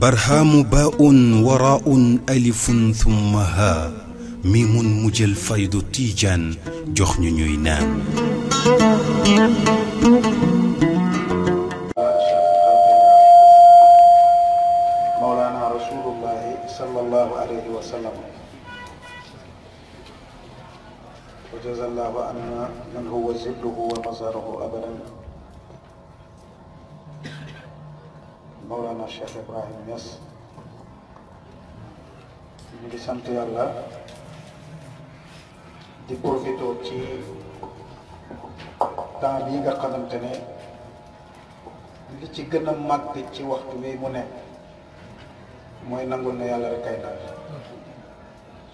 برهام باء وراء ألف ثم ها ميم فيض تيجان جخن نينان asarahu abadan Mawlana Cheikh Ibrahim Niass ngi sant yàlla di profitoo ci temps bii nga xamante ne li ci gën a màgg ci waxtu wi mu ne mooy nangul na yàlla rek ay daal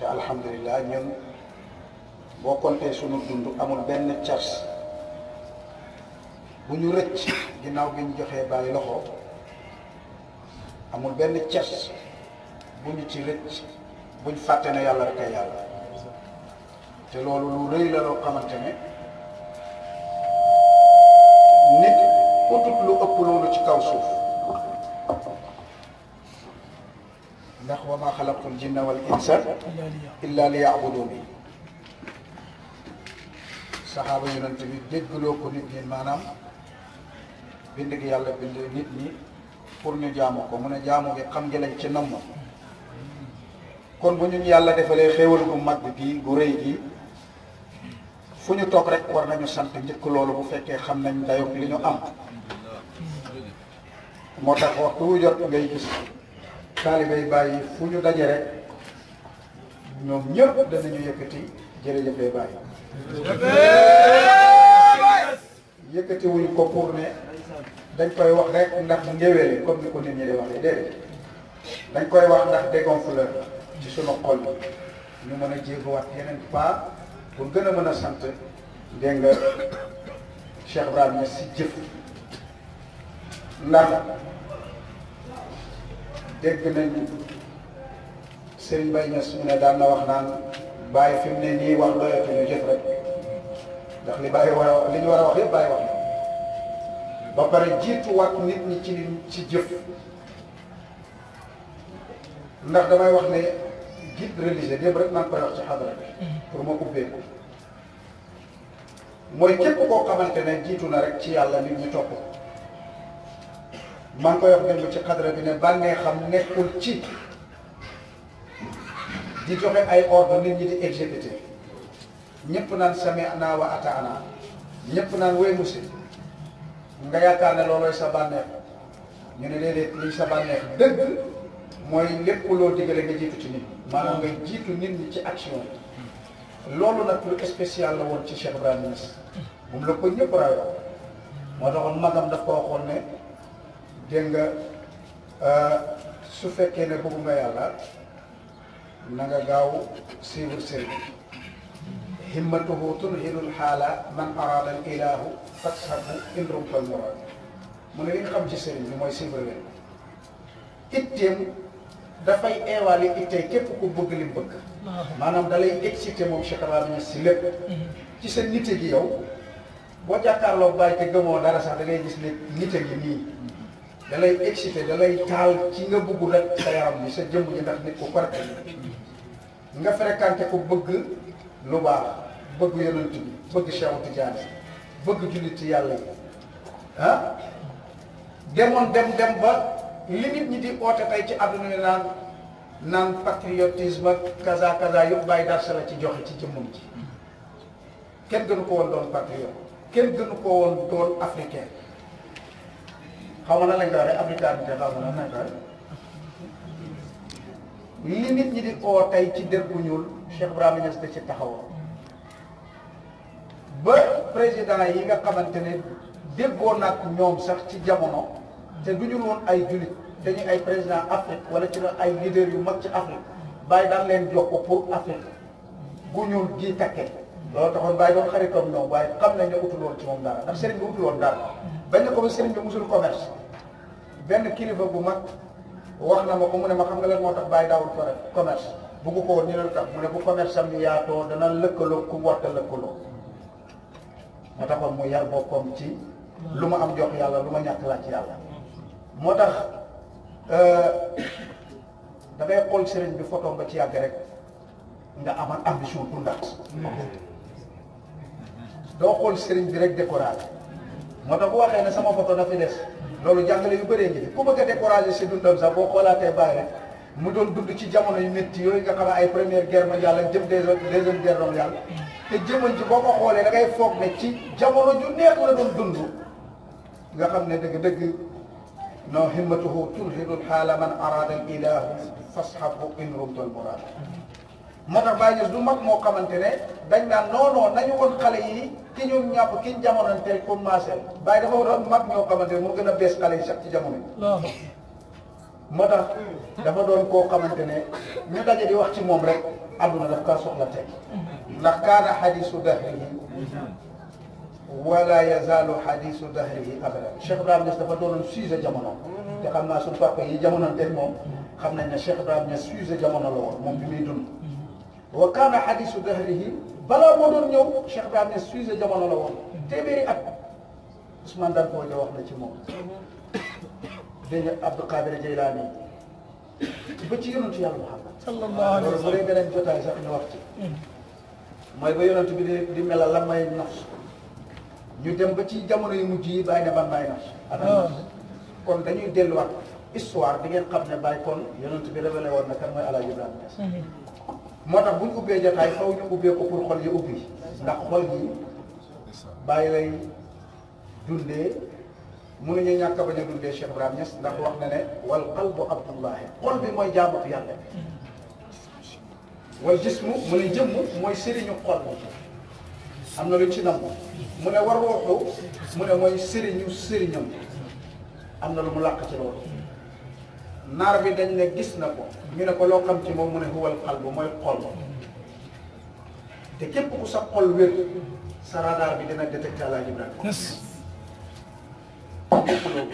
te alhamdulilah ñun boo compté sunu dund amul benn cars bu ñu rëcc ginnaaw bi ñu joxee bàyyi loxo amul benn ces bu ñu ci rëcc buñ fàtte ne yàlla rek ay yàlla te loolu lu rëy la loo xamante ne nit utut lu ëpp loolu ci kaw suuf ndax wa ma xalaqtul jinna wal insa illa li yaabuduni saxaaba yonent bi déggloo ko nit ñi maanaam bind gi yàlla bind nit ñi pour ñu jaamoo ko mu a jaamoo bi xam ngi lañ ci nam kon bu ñu yàlla defalee xéewal gu mag gi gu rëy gi fu ñu toog rek war nañu sant njëkk loolu bu fekkee xam nañ dayob li ñu am moo tax waxtu wu jot ngay gis taalibe bàyyi fu ñu daje rek ñoom ñëpp danañu yëkkati jërëjëfee bàyyi yëkkatiwuñ ko pour ne dañ koy wax rek ndax ngéwéle comme ni ko nit ñi di waxee déedéet dañ koy wax ndax dégonfleur ci sunu xol ñu mën a jéeguwaat yeneen pas pour gën a mën a sant dégg nga Cheikh Ibrahima si jëf ndax dégg nañu Serigne Mbaye Niass mu ne daan na wax naan bàyyi fi mu ne nii wax doyatu ñu jëf rek ndax li bàyyi war a li ñu war a wax yëpp bàyyi wax ba pare jiituwaat nit ñi ci ci jëf ndax damay wax ne guide religieux démb rek maa ngi koy wax ci xadara bi mm-hmm. pour ma ubbee mooy képp koo xamante ne jiitu na rek ci yàlla nit ñi topp maa ngi koy wax démb ci xadara bi ne bànnee xam nekkul ci di joxe ay ordre nit ñi di exécuter ñëpp naan sami naa wa ataana ñëpp naan way musi nga yaakaar ne loolooy sa bànneex ñu ne déedéet lii sa bànneex dëgg mooy lépp loo digale nga jiitu ci nit maanaam nga jiitu nit ñi ci action loolu nag lu spécial la woon ci Cheikh Ibrahima Niass moom la ko ñëpp raayoo moo taxoon magam daf ko waxoon ne dégg nga euh, su fekkee ne bëgg nga yàlla na nga gaaw suivre sëriñ himmatuhu tulhinul xaala man araada al ilaahu fatsabu indrum fal muraad mu ne li xam ci sëriñ bi mooy Sylvain Wéne itteem dafay eewaale ittee képp ku bëgg li mu bëgg. maanaam da lay excité moom Cheikh Ibrahima si lépp. ci sa nite gi yow boo jàkkaarloo bàyyi te gëmoo dara sax da gis ne nite gi nii. da lay excité taal ci nga bëgg rek sa yaram bi sa jëmm ji ndax nit ku correct nga fréquenté ko bëgg. lu baax bëgg yonent bi bëgg Cheikh Tidiane bëgg julliti yàlla yi ah demoon dem dem ba li ñi di oote ci àdduna bi naan naan patriotisme ak kaza kaza yëpp bàyyi darsa la ci joxe ci jëmmam ji kenn gënu ko woon doon patriote kenn gënu ko woon doon africain xaw ma na lañ ko waxee africanité xaw ma na lañ ko waxee ñi di oo ci der bu ñuul Cheikh Ibrahima Niass da ci taxawoo ba président yi nga xamante ne déggoo nag ñoom sax ci jamono te du ñu woon ay jullit dañuy ay président Afrique wala ci la ay leader yu mag ci Afrique bàyyi daan leen jokk pour Afrique gu ñuul gii takke loolu taxoon bàyyi doon xaritam ñoom waaye xam nañ ne utul woon ci moom dara ndax sëriñ bi utul woon daal bañ ne ko ba sëriñ bi musul commerce benn kilifa bu mag wax na ma ko mu ne ma xam nga lan moo tax bàyyi daawul commerce bugg ko ni loolu tax mu ne bu commerce yaatoo dana lëkkaloo ku warta lëkkaloo moo taxoon mu yar boppam ci lu ma am jox yàlla lu ma ñàkk ci yàlla moo tax euh, da ngay xool sëriñ bi photo ba ci yàgg rek nga amal ambition tundaat doo xool bi rek découragé moo tax bu waxee ne sama photo dafa des loolu jàngale yu bëree ngi fi ku bëgg a découragé si dundam sax boo xoolaatee baax rek mu doon dund ci jamono yu métti yooyu nga xam ne ay première guerre mondiale ak jëm deuxième guerre mondiale te jëman ci boo ko xoolee da ngay foog ne ci jamono ju neex la doon dund nga xam ne dëgg dëgg non himmatuhu tulhidul xaala man arada al ilahu fashabu in rubdal murad moo tax bàyyi gis du mag moo xamante ne dañ naan non non nañu woon xale yi ki ñoom ñàpp ki jamono tey commencé bàyyi dafa war a mag ñoo xamante ne moo gën a bees xale yi sax ci jamono yi moo tax dafa doon koo xamante ne ñu daje di wax ci moom rek àdduna daf kaa soxla teg ndax kaana xadiisu dahrihi wala yazaalu xadiisu dahrihi abadan Cheikh Ibrahima Niass dafa doonoon sujet jamono te xam naa suñu papa yi jamono teg moom xam nañ ne Cheikh Ibrahima Niass sujet jamono la woon moom bi muy dund wa kaana xadiisu dahrihi balaa moo doon ñëw Cheikh Ibrahima Niass sujet jamono la woon téeméeri at Ousmane ci moom dégg nga Abdou Qadir Jeylaani ba ci yonantu yàlla Muhammad sallallahu alayhi wa ñu wax ci mooy ba yonantu bi di di melal la may nafs ñu dem ba ci jamono yu mujj yi bàyyi ne ba bàyyi ah. kon dañuy delluwaat histoire di ngeen xam ne bàyyi kon yonantu bi révélé woon na kan mooy Alaaji Ibrahima mm-hmm. moo tax bu ñu ubbee jotaay faw ñu ubbee ko pour xol yi ubbi ndax xol yi bàyyi lay dundee mënuñu ñàkk a bañ a dundee Cheikh Ibrahima Niass ndax wax na ne wal qalbu abdullahi xol bi mooy jaamatu yàlla wal jismu mu ne jëmm mooy sëriñu xol am na lu ci nam mu ne war ruuxu mu ne mooy sëriñu sëriñam am na lu mu làq ci loolu naar bi dañ ne gis na ko ñu ne ko loo xam ci moom mu ne huwal qalbu mooy xol te képp ku sa xol wér sa radar bi dina détecté Alaaji Ibrahima bokkuloo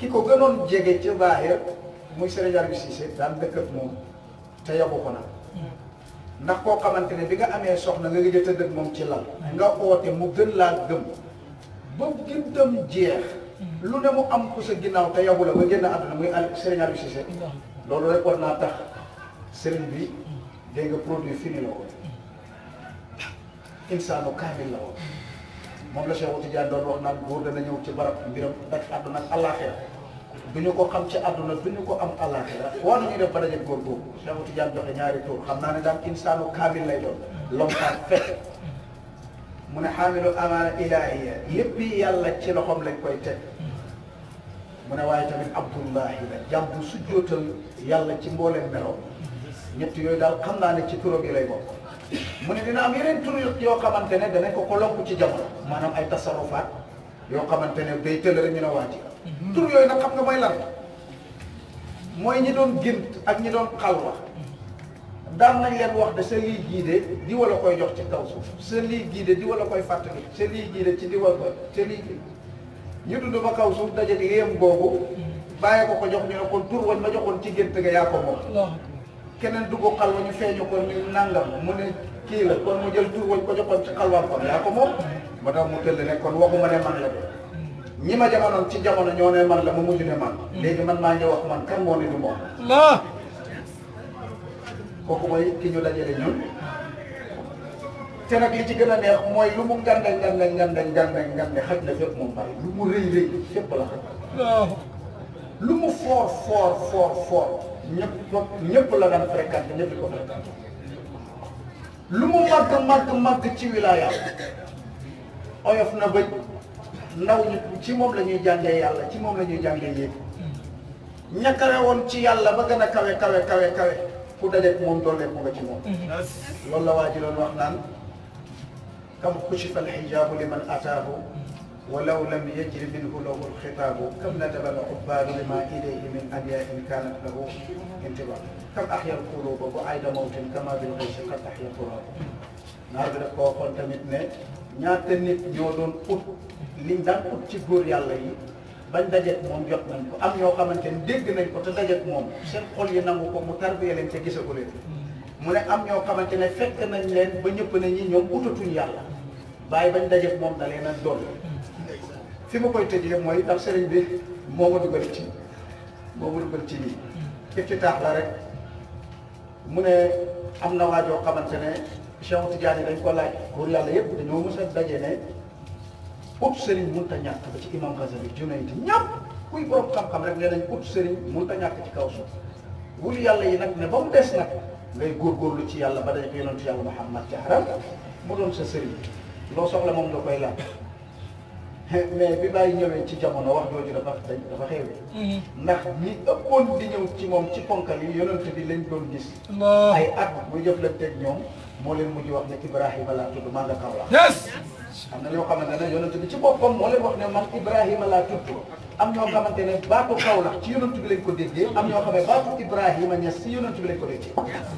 ki ko gënoon jege ca baaye muy Serigne Aliou Cissé daan dëkk moom te yabu ko na ndax koo xamante ne bi nga amee soxna nga gëj tëdd moom ci lal nga oote mu gën laa gëm ba gën dem jeex lu ne mu am ku sa ginnaaw te yabu la ba génn àdduna muy Serigne Aliou Cissé loolu rek war naa tax sëriñ bi dégg nga produit fini la ko insaanu kaamil la woon moom la Cheikh Tidiane doon wax naan góor dana ñëw ci barab mbiram daj àdduna ak àllaaxira du ñu ko xam ci àdduna du ñu ko am àllaaxira war nañuy def ba dajeeg góor boobu Cheikh Tidiane joxe ñaari tur xam naa ne daal insaanu kaamil lay doon lomtaan fekk mu ne xaamilu amaana ilaahiya yëpp yi yàlla ci loxoom lañ koy teg mu ne waaye tamit abdullahi la jàmm bu sujjootal yàlla ci mbooleem meloom ñett yooyu daal xam naa ne ci turam yi lay bokk mu ne dina am yeneen tur yoo xamante ne danañ ko ko lonk ci jamono maanaam ay tasarufaat yoo xamante ne day tëll rek ñu ne waati mhm. tur yooyu nag xam nga mooy lan mooy ñi doon gént ak ñi doon xalwa daan nañ leen wax de sa lii giide di wala koy jox ci kaw suuf sa lii de di wala koy fàttali selii lii giide ci di wala koy sa lii ñu dund ba kaw suuf daje yéem googu mhm. bàyyi ko ko jox ñu ne kon tur wañ ma joxoon ci gént nga yaa ko moom keneen dugg xalwa ñu feeñu ko ñu nangam mu ne kii la kon mu jël tur wañ ko joxoon ci xalwaam kon yaa ko moom ma tax mu tëll ne kon waxuma ne man la ko ñi ma jamono ci jamono ñoo ne man la ma mujj ne man léegi man maa ngi wax man kan moo ne du moom la kooku ki ñu la ñun te nag li ci gën a neex mooy lu mu ngande ngande ngande ngande ngande xaj na fépp moom bari lu mu rëy rëy fépp la xaj lu mu foor foor foor foor ñëpp ñëpp la daan fréquenté ñëpp di ko fréquenté lu mu màgg màgg màgg ci wilaaya oyof na bëj ndaw ñi ci moom la ñuy jàngee yàlla ci moom la ñuy jàngee yéeg ñàkkare woon ci yàlla ba gën a kawe kawe kawe kawe ku dajeeg moom dooleeku nga ci moom loolu la waa ji doon wax naan kam xushifa alxijaabu liman ataahu ولو لم la منه له الخطاب كم ندب العباد بما اليه من ابيات كانت له انتباه كم احيا القلوب بعيد موت كما بالغيث قد احيا التراب naar bi daf koo xool tamit ne ñaata nit ñoo doon ut liñ daan ut ci góor yàlla yi bañ dajeek moom jot nañ ko am ñoo xamante ne dégg nañ ko te dajeek moom seen xol yi nangu ko mu tarbiya leen te gisagu leen mm. mu ne am ñoo xamante ne fekk nañ leen ba ñëpp ne ñi ñoom utatuñ yàlla bàyyi bañ dajeek moom da a doon fi ma koy tëjee mooy ndax sëriñ bi moo ma dugal ci moo ma dugal ci lii iftitaax la rek mu ne am na waajoo xamante ne Cheikh Tidiane dañ ko laaj pour yàlla yëpp dañoo mës a daje ne ut sëriñ mënut a ñàkk ba ci imam Ghazali junayti ñàpp kuy borom xam-xam rek nee nañ ut sëriñ mënut a ñàkk ci kaw suuf wul yàlla yi nag ne ba mu des nag ngay góorgóorlu ci yàlla ba dañ ko yonentu yàlla Muhammad jaxaram mu doon sa sëriñ loo soxla moom la koy laaj mais bi bàyyi ñëwee ci jamono wax jooju dafa dafa xeewee mm-hmm. ndax ñi ëppoon di ñëw ci moom ci ponkal yi yonent bi lañ doon gis ay at la jëflanteeg ñoom moo leen mujj wax ne Ibrahima laa tudd maa nga kaw am na ñoo xamante ne yonent bi ci boppam moo leen wax ne man Ibrahima laa tudd am ñoo xamante ne baatu Kaolack ci yonent bi lañ ko déggee am ñoo xam ne baatu Ibrahima Niass ci yonent bi lañ ko déggee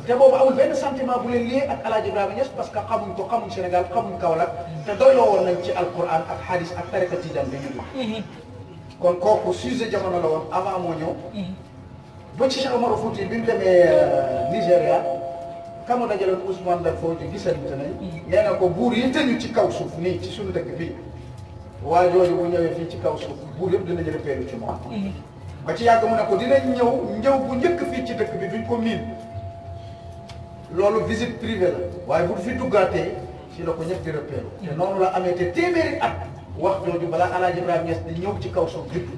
te boobu amul benn sentiment bu leen liyee ak El Hadj Ibrahima Niass parce que xamuñ ko xamuñ Sénégal xamuñ Kaolack te doyloo woon nañ ci alquran ak hadis ak tariqa tijaan bi ñu kon kooku sujet jamono la woon avant moo ñëw mhm. ba ci Cheikh Omar Fouti bi mu demee euh, Nigéria ka mu dajaloon Ousmane Lam Fouti gisante nañ mm. nee na ko buur yi tëju ci kaw suuf nii ci suñu dëkk bii waa jooju bu ñëwee fii ci kaw suuf buur yëpp dina jël peelu ci moom mm. ba ci yàgg mu ne ko dinañ ñëw ñëw bu njëkk fii ci dëkk bi duñ ko miin loolu visite privée waaye bu fi duggaatee ci la ko ñëpp di repéeru mm. te noonu la amee te téeméeri at wax jooju balaa Alaaji Ibrahima Niass di ñëw ci kaw suuf jëpp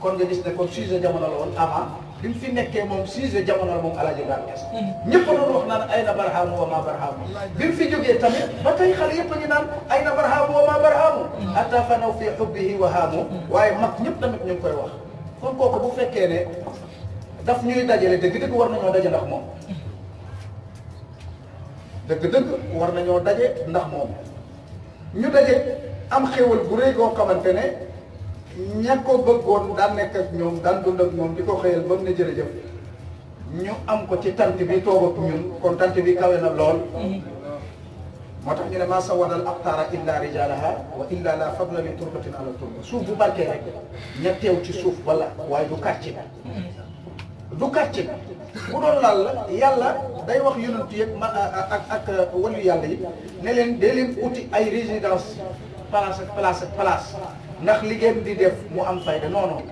kon nga gis ne kon sujet jamono la woon avant bi mu fi nekkee moom siise jamono moom El Hadj Ibrahima Niass. Mm. ñëpp doon wax naan ayna na wa maa barhaamu. bi mu fi jógee tamit ba tey xale yëpp a ngi naan ayna barhaamu wa maa barhaamu. Mm. hatta fanaw fi xubbihi wa mm. waaye mag ñëpp tamit ñu ngi koy wax. kon kooku bu fekkee ne daf ñuy dajale dëgg-dëgg war nañoo daje ndax moom. dëgg-dëgg war nañoo daje ndax moom. ñu daje am xéwal bu rëy goo ne. ña ko bëggoon daan nekk ak ñoom daan dund ak ñoom di ko xëyal ba mu ne jërëjëf ñu am ko ci tant bi toog ak ñun kon tant bi kawe na lool moo tax ñu ne maa sawadal abtaara illa rijalaha wa illa la fadla li turbatin ala turba suuf bu barkee rek ña ci suuf bala waaye du quartier du quartier bu doon laal la yàlla day wax yonent yi ak ma ak ak wàllu yàlla yi ne leen dee leen uti ay résidence place ak place ak ndax li ngeen di def mu am fayda non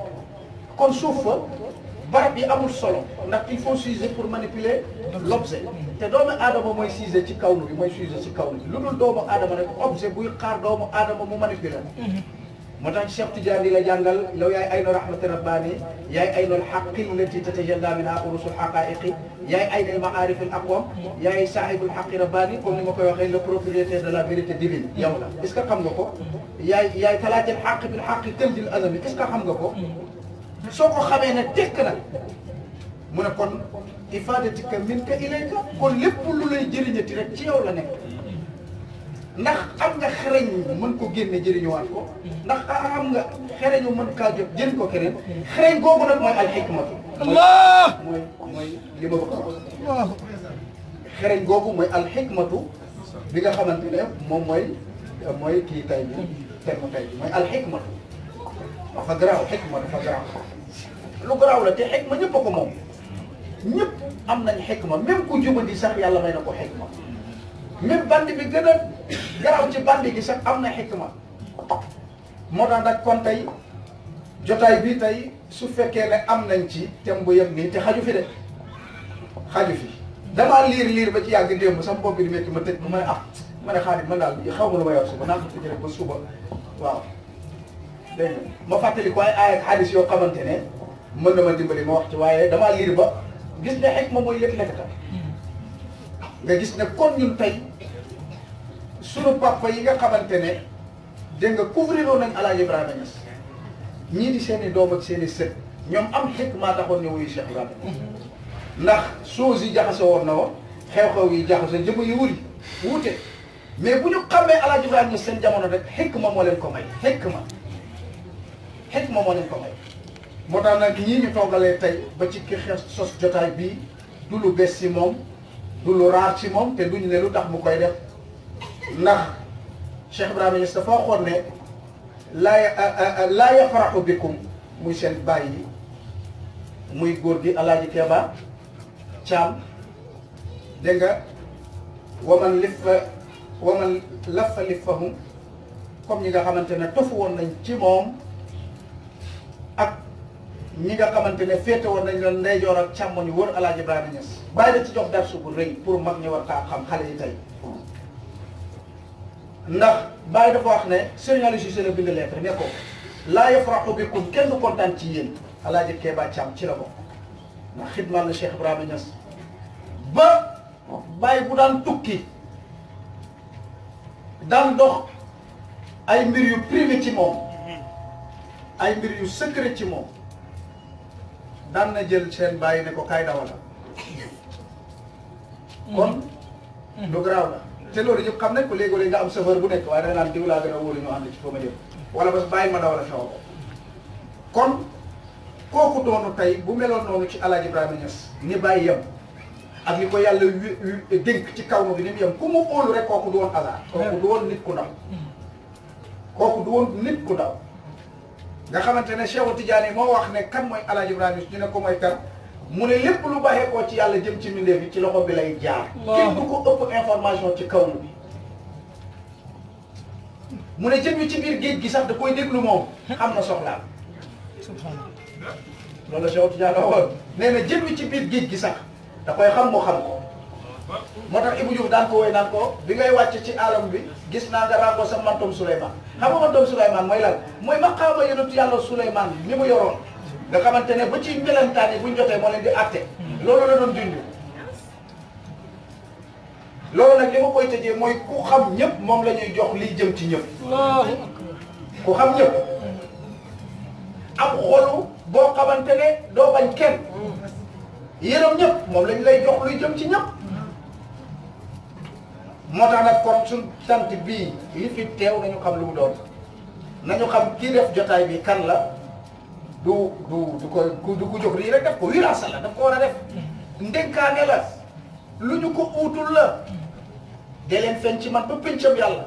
kon suuf fa barab yi amul solo ndax il faut pour manipuler l'objet te doomu aadama mooy juger ci kaw nu bi mooy juger ci kaw nu bi lu dul doomu adama rek objet buy xaar doomu aadama mu manipuler mhm. موتان شيخ تجاري لا جانغال لو ياي اينو رحمه رباني ياي اينو الحق التي تتجلى منها قرص الحقائق ياي اين المعارف الاقوم ياي صاحب الحق رباني كوم نيما كو واخي لو بروبريتي دو لا فيريتي ديفين يوم لا اسكا خام نكو ياي ياي ثلاثه الحق بالحق تلد الازم اسكا خام نكو سوكو خامي نا تيك نا مونا كون افادتك منك اليك كون ليب لولاي جيرينتي رك تي لا نيك ndax am nga xereñ mën ko génne jëriñuwaat ko ndax am nga xereñu mën kaa jot jën ko keneen xereñ googu nag mooy alxikmatu allah mooy mooy li ma bëgg a wax xereñ googu mooy alxikmatu bi nga xamante ne moom mooy mooy kii tay bi terme bi mooy alxikmatu dafa garaaw xikma dafa garaaw lu garaaw la te xikma ñëpp a ko moom ñëpp am nañ xikma même ku jubadi sax yàlla may na ko xikma même bandi bi gën a garaw ci bandi gi sax am na xikma moo tax nag kon tey jotaay bii tey su fekkee ne am nañ ci thème bu yem nii te xaju fi de xaju fi damaa liir liir ba ci yàgg démb sax bopp bi di métti ma tëj ma ne ah ma ne xaaral ma daal xaw ma lu ma yor suba naa ko tëj rek ba suba waaw. ma fàttali ko ak xadis yoo xamante ne mën na ma dimbali ma wax ci waaye damaa liir ba gis ne xikma mooy lépp nekk tam nga gis ne kon ñun tey. su sunu papa yi nga xamante ne dégg nga couvrir woon nañ Alaaji Ibrahima Niass ñii di seen i doom ak seen i ñoom am xikma taxoon ne wuyu Cheikh Ibrahima ndax choses yi jaxasoo woon na woon yi jaxasoo jëm yi wuri mais bu ñu xamee Alaaji Ibrahima Niass seen jamono rek xikma moo leen ko may xikma xikma moo leen ko may moo tax nag ñii ñu toggalee tey ba ci ki xees sos jotaay bii du lu bees si moom du lu raar si moom te duñu ne lu tax mu koy def ndax Cheikh Ibrahima Niass dafa waxoon ne laa laa yafraxu bikum muy seen bàyyi muy góor gi alaaji Keba Caam dégg nga waman lifa waman lafa lifahum comme ñi nga xamante ne tofu woon nañ ci moom ak ñi nga xamante ne féete woon nañ leen ndeyjoor ak càmmoñ wër alaaji Ibrahima Niass bàyyi la ci jox darsu bu rëy pour mag ñi war kaa xam xale yi tey ndax Baye dafa wax ne Serigne Aliou Cissé la bind lettre ne ko laa yafraxu bikum kenn du kontaan ci yéen Alaaji Keeba Caam ci la bokk ndax xidmaal na Cheikh Ibrahima ba Baye bu daan tukki daan dox ay mbir yu privé ci moom ay mbir yu secret ci moom daan na jël seen Baye ne ko kaay dawal la hmm. kon lu garaaw la te loolu ñëpp xam nañ ko léegoo léegi nga am chauffeur bu nekk waaye da nga naan diw laa gën a wóolu ñoo xam ne ci foo ma jëm wala bas bàyyi ma daw la xew ko kon kooku doonu tey bu meloon noonu ci El Hadj ni bàyyi yem ak li ko yàlla dénk ci kaw ma bi ni mu yem ku mu óolu rek kooku du woon hasard mm. kooku du woon nit ku ndaw mm. kooku du woon nit ku ndaw nga xamante ne Cheikh Tidiane moo wax ne kan mooy El Hadj Ibrahima Niass ko mooy kan mu ne lépp lu baxee koo ci yàlla jëm ci mbindeef bi ci loxo bi lay jaar. kenn du ko ëpp information ci kaw bi. mu ne jëm yu ci biir géej gi sax da koy déglu moom xam na soxlaam. loolu nee na jëm ci biir géej gi sax da xam mu xam ko. moo tax Ibou Diouf daan ko woy naan ko bi ngay wàcc ci alam bi gis naa nga ràngoo sa mantoom Souleymane xam nga mantoom Souleymane mooy lan mooy maqaama yonentu yàlla Souleymane mi mu yoroon. nga xamante ne ba ci melentaan yi buñ jotee moo leen di àtte. loolu la doon junj. loolu nag li ma koy tëjee mooy ku xam ñëpp moom lañuy jox liy jëm ci ñëpp. ku xam ñëpp. am xolu boo xamante ne doo bañ kenn. yërëm ñëpp moom lañ lay jox luy jëm ci ñëpp. moo tax nag kon suñ sant bii li fi teew nañu xam lu mu nañu xam kii def jotaay bi kan la. du du du ko du ko jox ri rek daf ko wirasa la daf ko wara def ndenkaane la luñu ko utul la de leen fen ci man ba pencam yàlla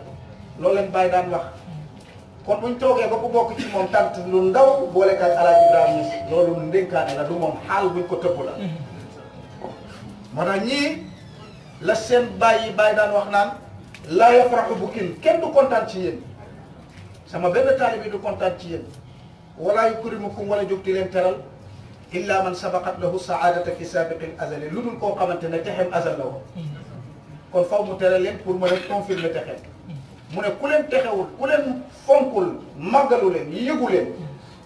loolu leen bàyyi daan wax kon buñ toogee ba bu bokk ci moom tant lu ndaw boole kaay alaaj ibrahima loolu ndenkaane la du moom xaal buñ ko tëbb la moo tax la seen bàyyi bàyyi daan wax naan laa yafraxu bu kenn du kontaan ci yéen sama benn taalibi du kontaan ci yéen ولا يكرمكم ولا جبت لين ترل إلا من سبقت له سعادة في سابق الأزل لدن كو قمت نتحم أزل له كون فاو مترلين كون مرد كون في المتحم مونة كلين تخول كلين فنكول مغلولين يغولين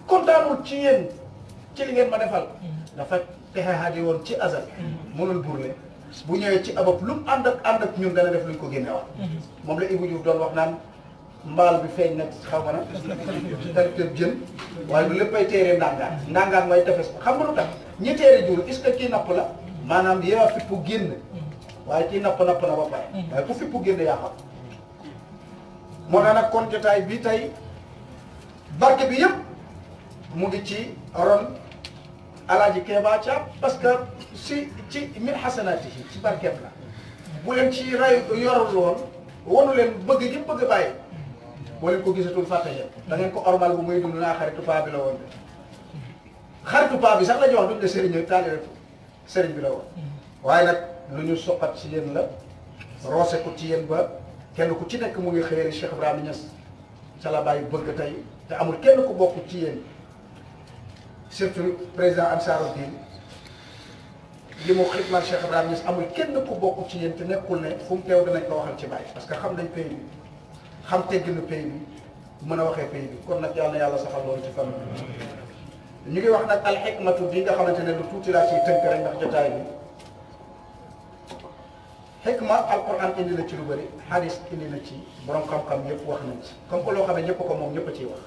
كون دانو تيين تيلين ما نفعل لفت تها هذه ورد تي أزل مونة البرلين بنيه تي أبا بلوم عندك عندك نيوم دانا دفلين كو جنوا مملا إبو جوف دون وقنام mbaal bi feeñ nag xaw ma na directeur jën waaye lu léppay teeree ndàngaan ndàngaan mooy tefes ko xam nga lu tax ñi teere jur est-ce que kii napp la maanaam yaa fippu génn waaye kii napp napp na ba pare waaye ku fippu génn yaa xam moo tax nag kon jotaay bi tey barke bi yëpp mu ngi ci ron alaaji Keeba Caam parce que si ci min xasanaatihi ci barkeem la bu leen ci ray yorul woon wanu leen bëgg yëpp bëgg bàyyi boo leen ko gisatul fàtte leen da ko ormal bu muy dund naa xaritu paa bi la woon de xaritu paa bi sax la ñu wax duñ ne sëriñ taalibe sëriñ bi la woon waaye nag lu ñu soqat ci yéen la roose ko ci yéen ba kenn ku ci nekk mu ngi xëyari Cheikh Ibrahima Niass ca la bàyyi bëgg tey te amul kenn ku bokk ci yéen surtout président Ansaruddin li mu xidmal Cheikh Ibrahima Niass amul kenn ku bokk ci yéen te nekkul ne fu mu teew danañ ko waxal ci bàyyi parce que xam nañ pays xam tegginu pays bi mën a waxee pays bi kon nag yàlla na yàlla saxal loolu ci fan ñu ngi wax nag al xikmatu bi nga xamante ne lu tuuti laa ciy tënk rek ndax jotaay bi xikma alquran indi na ci lu bëri hadis indi na ci borom xam-xam yëpp wax nañ ci comme que loo xam ne ñëpp ko moom ñëpp a ciy wax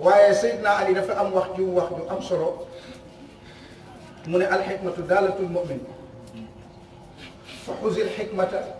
waaye Seydina Ali dafa am wax ju wax ju am solo mu ne al xikmatu daalatul mu'min fa xusil xikmata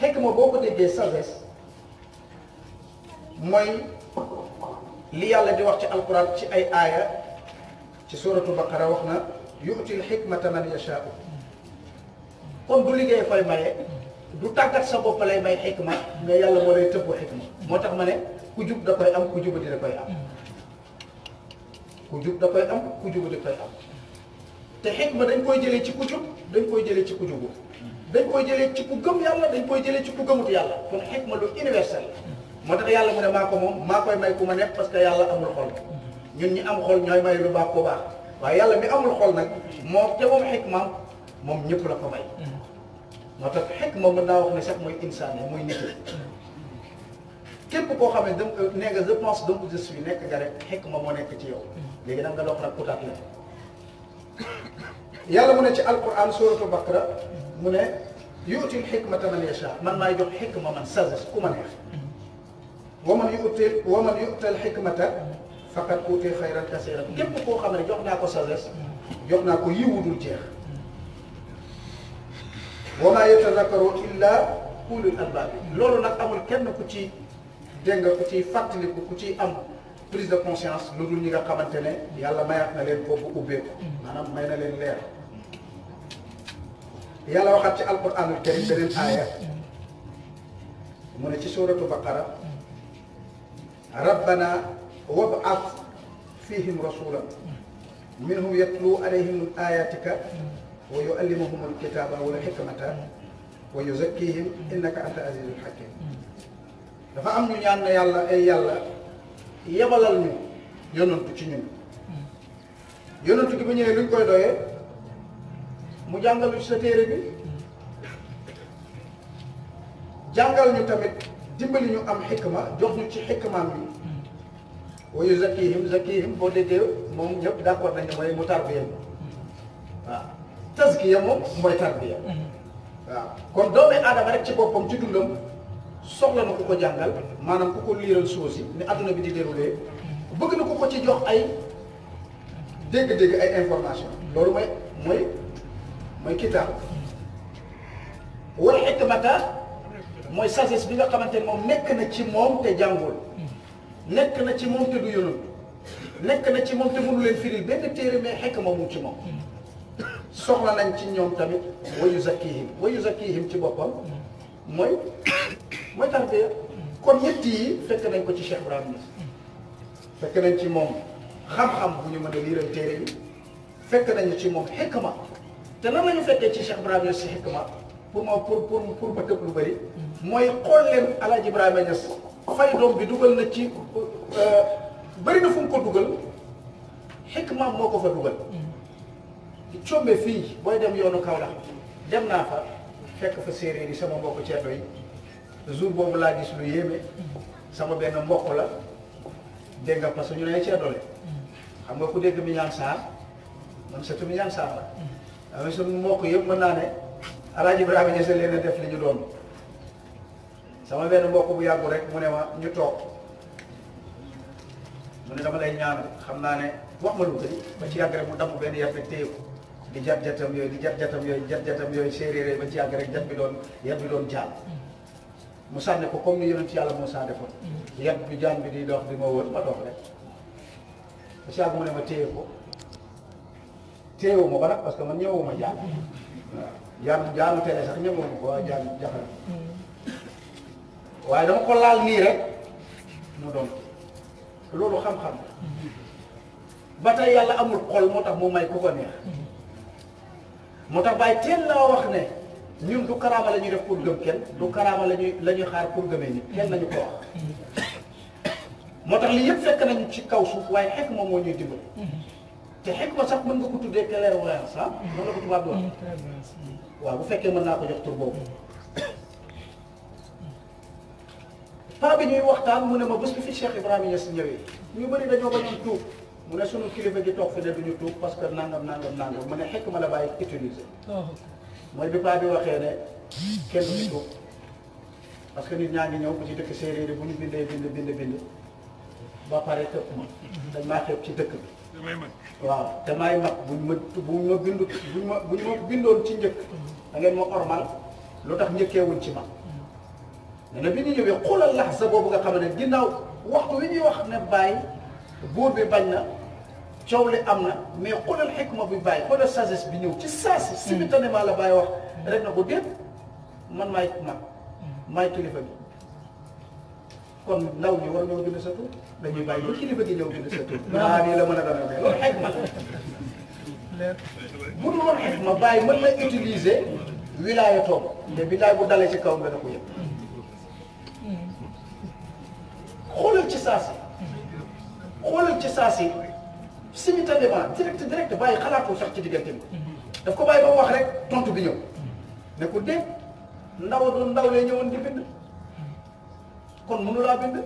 xekma boo ko déggee sagesse mooy li yàlla di wax ci alquran ci ay aaya ci suratu baqara wax na yutil xikmata man yashaau kon du liggéey koy maye du tàggat sa bopp lay may xikma mais yàlla moo lay tëbbu xikma moo tax ma ne ku jub da koy am ku juba dina koy am ku jub da koy am te xikma dañ koy jëlee ci ku dañ koy jëlee ci ku dañ koy jëlee ci ku gëm yàlla dañ koy jëlee ci ku gëmut yàlla kon xikma lu universel moo tax yàlla mu ne maa ko moom maa koy may ku ma nekk parce que yàlla amul xol ñun ñi am xol ñooy may baax ku baax waaye yàlla mi amul xol nag moo te moom xikma moom ñëpp la ko may moo tax xikma mën naa wax ne sax mooy insaan moom mooy nit képp koo xam ne dem nee nga je pense donc je suis nekk nga rek xikma moo nekk ci yow léegi da nga dox nag kutaat la yàlla mu ne ci alquran suratu baqara mu ne yuutil xikmata man yasha man maay jox xikma man sagesse ku ma neex wa man yuutil wa man yuutal xikmata faqad uutee xayran kasiran képp koo xam ne jox naa ko sagesse jox naa ko yiwu dul jeex wa maa yatazakkaru illa ulul albaab loolu nag amul kenn ku ci dégg nga ku ciy fàttaliku ku ciy am prise de conscience lu dul ñi nga xamante ne yàlla mayaat na leen foofu ubbeeku maanaam may na leen leer yàlla waxaat ci alquranul karim beneen aaya mu ne ci suuratu baqara rabbana wab'ath fihim rasulan minhum yatlu alayhim ayatika wa yuallimuhum alkitaba wal hikmata wa yuzakkihim innaka anta azizul hakim dafa am ñu ñaan na yàlla ay yàlla yebalal ñu yonantu ci ñun yonantu gi bu ñëwee luñ koy doyee mu jàngal ñu sa téere bi jàngal ñu tamit dimbali ñu am xikma jox ñu ci xikmaam bi wayu zakihim zakihim boo déggee moom ñëpp d'accord nañu mooy mu tarbiya waaw taskiya moom mooy tarbiya waaw kon doomi aadama rek ci boppam ci dundam soxla na ku ko jàngal maanaam ku ko liiral suuf yi ni adduna bi di déroulé bëgg na ku ko ci jox ay dégg-dégg ay information loolu mooy mooy mooy kitaab wal xikmata mooy sages bi nga xamante ne moom nekk na ci moom te jàngul nekk na ci moom te du yonul nekk na ci moom te mënu leen firil benn téere mais xekk moom mu ci moom soxla nañ ci ñoom tamit wa wayu wa yuzakkihim ci boppam mooy mooy tarbiya kon ñett yi fekk nañ ko ci Cheikh Ibrahim Niass fekk nañ ci moom xam-xam bu ñu mën a liiral téere yi fekk nañ ci moom xikma te na ma ñu fekkee ci Cheikh Ibrahima Niass si xikma pour ma pour pour mooy xool leen El Hadj Ibrahima Niass fay doom bi dugal na ci euh, bëri na fu ko dugal xikma moo ko fa dugal. Mm. combe fii booy dem yoonu kaw Kaolack dem naa fa fekk fa séeréer yi sama mbokk ceeto yi jour boobu laa gis lu yéeme sama benn mbokk la dégg nga parce que ñu ne ceeto la mm. xam nga ku dégg Mignane Sarr man surtout Mignane Sarr la. Mm. amee suñu mbokk yëpp mën naa ne bi Ibrahima Niass leen def li ñu doon sama benn mbokk bu yàggu rek mu ne ma ñu toog mu ne dama lay ñaan xam naa ne wax ma lu bëri ba ci yàgg rek mu damm benn yàpp téye ko di jat jatam yooyu jat jatam yooyu jat jatam ci yàgg rek jat bi doon jàll mu sànni ko comme ni yonent yàlla Moussa defoon mm. yàpp bi jaan bi di dox bi ma wër ma dox rek ba ci yàgg mu ne ma téye ko teewuma ko nag parce que man ñëwuma jaan waaw jaan jaanu tele sax ñëwuma ko waaye jaan hmm. dama ko laal nii rek mu doon loolu xam-xam hmm. ba tey yàlla amul xol moo tax mu may ku ko neex hmm. moo tax bàyyi teel laa wax ne ñun du karaama la ñuy def pour gëm kenn du karaama la ñuy la ñuy xaar pour gëme nit kenn lañu ko wax moo tax li yëpp fekk nañu ci kaw suuf waaye xekk moom moo ñuy dimbali te xikma sax mën nga ko tuddee clairvoyance ah. mën na ko tubaab di wax. Mm, mm. waaw bu fekkee mën naa ko jox tur boobu. bi ñuy waxtaan mu ne ma bés bu fi Cheikh Ibrahima Niass ñëwee ñu bëri dañoo bañoon tuub mu ne sunu kilifa gi toog fi ne duñu tuub parce que nangam nangam nangam mu ne xikma la bàyyi utiliser. Oh, mooy bi paa bi waxee ne kenn du tuub parce que nit ñaa ngi ñëw ku ci dëkk séeréer yi bu ñu bindee bind bind bind ba pare tëpp ma dañ maa xeeb ci dëkk bi. waaw te maay mag buñ ma buñ ma bindu ñu ma buñ ma bindoon ci njëkk da ngeen ma ormal lu tax njëkkeewuñ ci mag ne na bi ñu ñëwee xulal lax sa boobu nga xam ne ginnaaw waxtu wi ñuy wax ne bàyyi buur bi bañ na coow li am na mais xulal xikma bi bàyyi xoolal sagesse bi ñëw ci saasi simultanément hmm. la bàyyi wax rek na ko déet man maay mag maay kilifa bi kon ndaw ñi war ñoo bind sa tur dañuy bàyyi ba kilifa gi ñëw bind sa tur. waaw nii la mën a demee loolu xikma la. bu dul woon xikma bàyyi mën na utiliser wilaya toog te billaay bu dalee ci kaw nga def ko yëpp. xoolal ci saa si. xoolal ci saa si simultanément direct direct bàyyi xalaatu sax ci diggante bi. daf ko bàyyi ba wax rek tontu bi ñëw. ne ko dégg ndaw doon ndaw lay ñëwoon di bind. kon mënu bind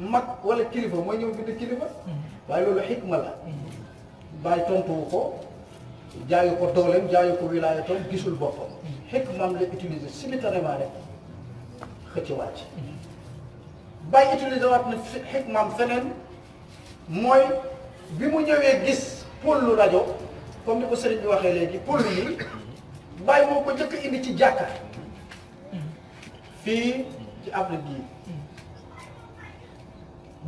mag wala kilifa mooy ñëw bind kilifa waaye loolu xikma la bàyyi tontuwu ko jaayu ko dooleem jaayu ko wilaayatam gisul boppam xikmaam la utiliser simultanément rek xëcc wàcc bàyyi utiliser waat na xikmaam feneen mooy bi mu ñëwee gis pollu rajo comme ni ko sëriñ bi waxee léegi pollu yi bàyyi moo ko njëkk indi ci jàkka fii ci Afrique bii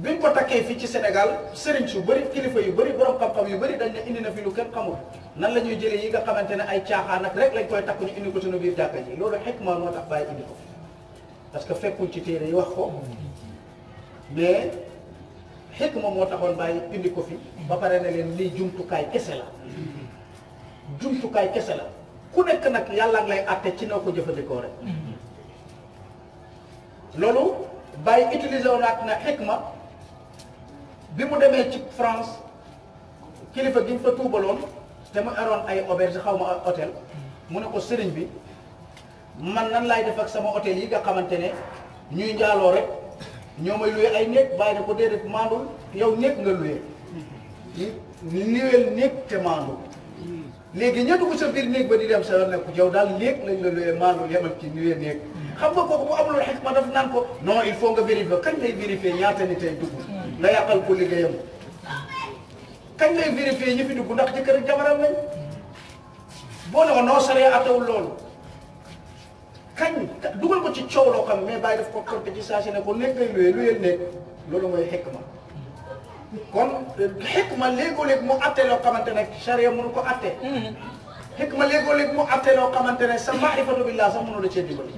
biñ ko takkee fii ci senegal sëriñ su bari kilifa yu bari borom xam-xam yu bari dañ ne indi na fi lu kenn xamul nan la ñuy jëlee yi nga xamante ne ay caaxaan nag rek lañ koy takk ñu indi ko suñu biir jàkka ji loolu xikma moo tax ko parce que fekkul ci téere yi wax ko mais xikma moo taxoon bàyyi indi ko fi ba pare ne leen lii jumtukaay kese la jumtukaay kese la ku nekk nag yàlla ngi lay àtte ci noo ko jëfandikoo rek loolu bàyyi utilisé wu naat na ma bi mu demee ci France kilifa gi fa tuubaloon te mu aroon ay auberge xaw ma hôtel mu ne ko sëriñ bi man nan laay def ak sama hôtel yi nga xamante ne ñuy njaaloo rek ñoo may luye ay néeg bàyyi na ko déedéet maandul yow néeg nga luye niweel néeg te maandul léegi ña dugg sa biir néeg ba di dem sa yoon ne yow daal néeg lañ la luye maandul yemal ci niwee néeg xam nga kooku bu amuloo xikma daf naan ko non il faut nga vérifier kañ lay vérifier ñaata nit ay dugg nga yàqal ko liggéeyam kañ lay vérifier ñi fi dugg ndax jëkkër ak jabaram lañ boo ne ko noo saree atawul loolu kañ dugal ko ci coow loo xam mais bàyyi daf ko compter ci saa si ne ko nekk ngay luyee luyee nekk loolu mooy xikma kon xikma léegoo-léeg mu atte loo xamante ne charia mënu ko atte xikma léegoo-léeg mu atte loo xamante ne sa maarifatu billah sax mënu la cee dimbali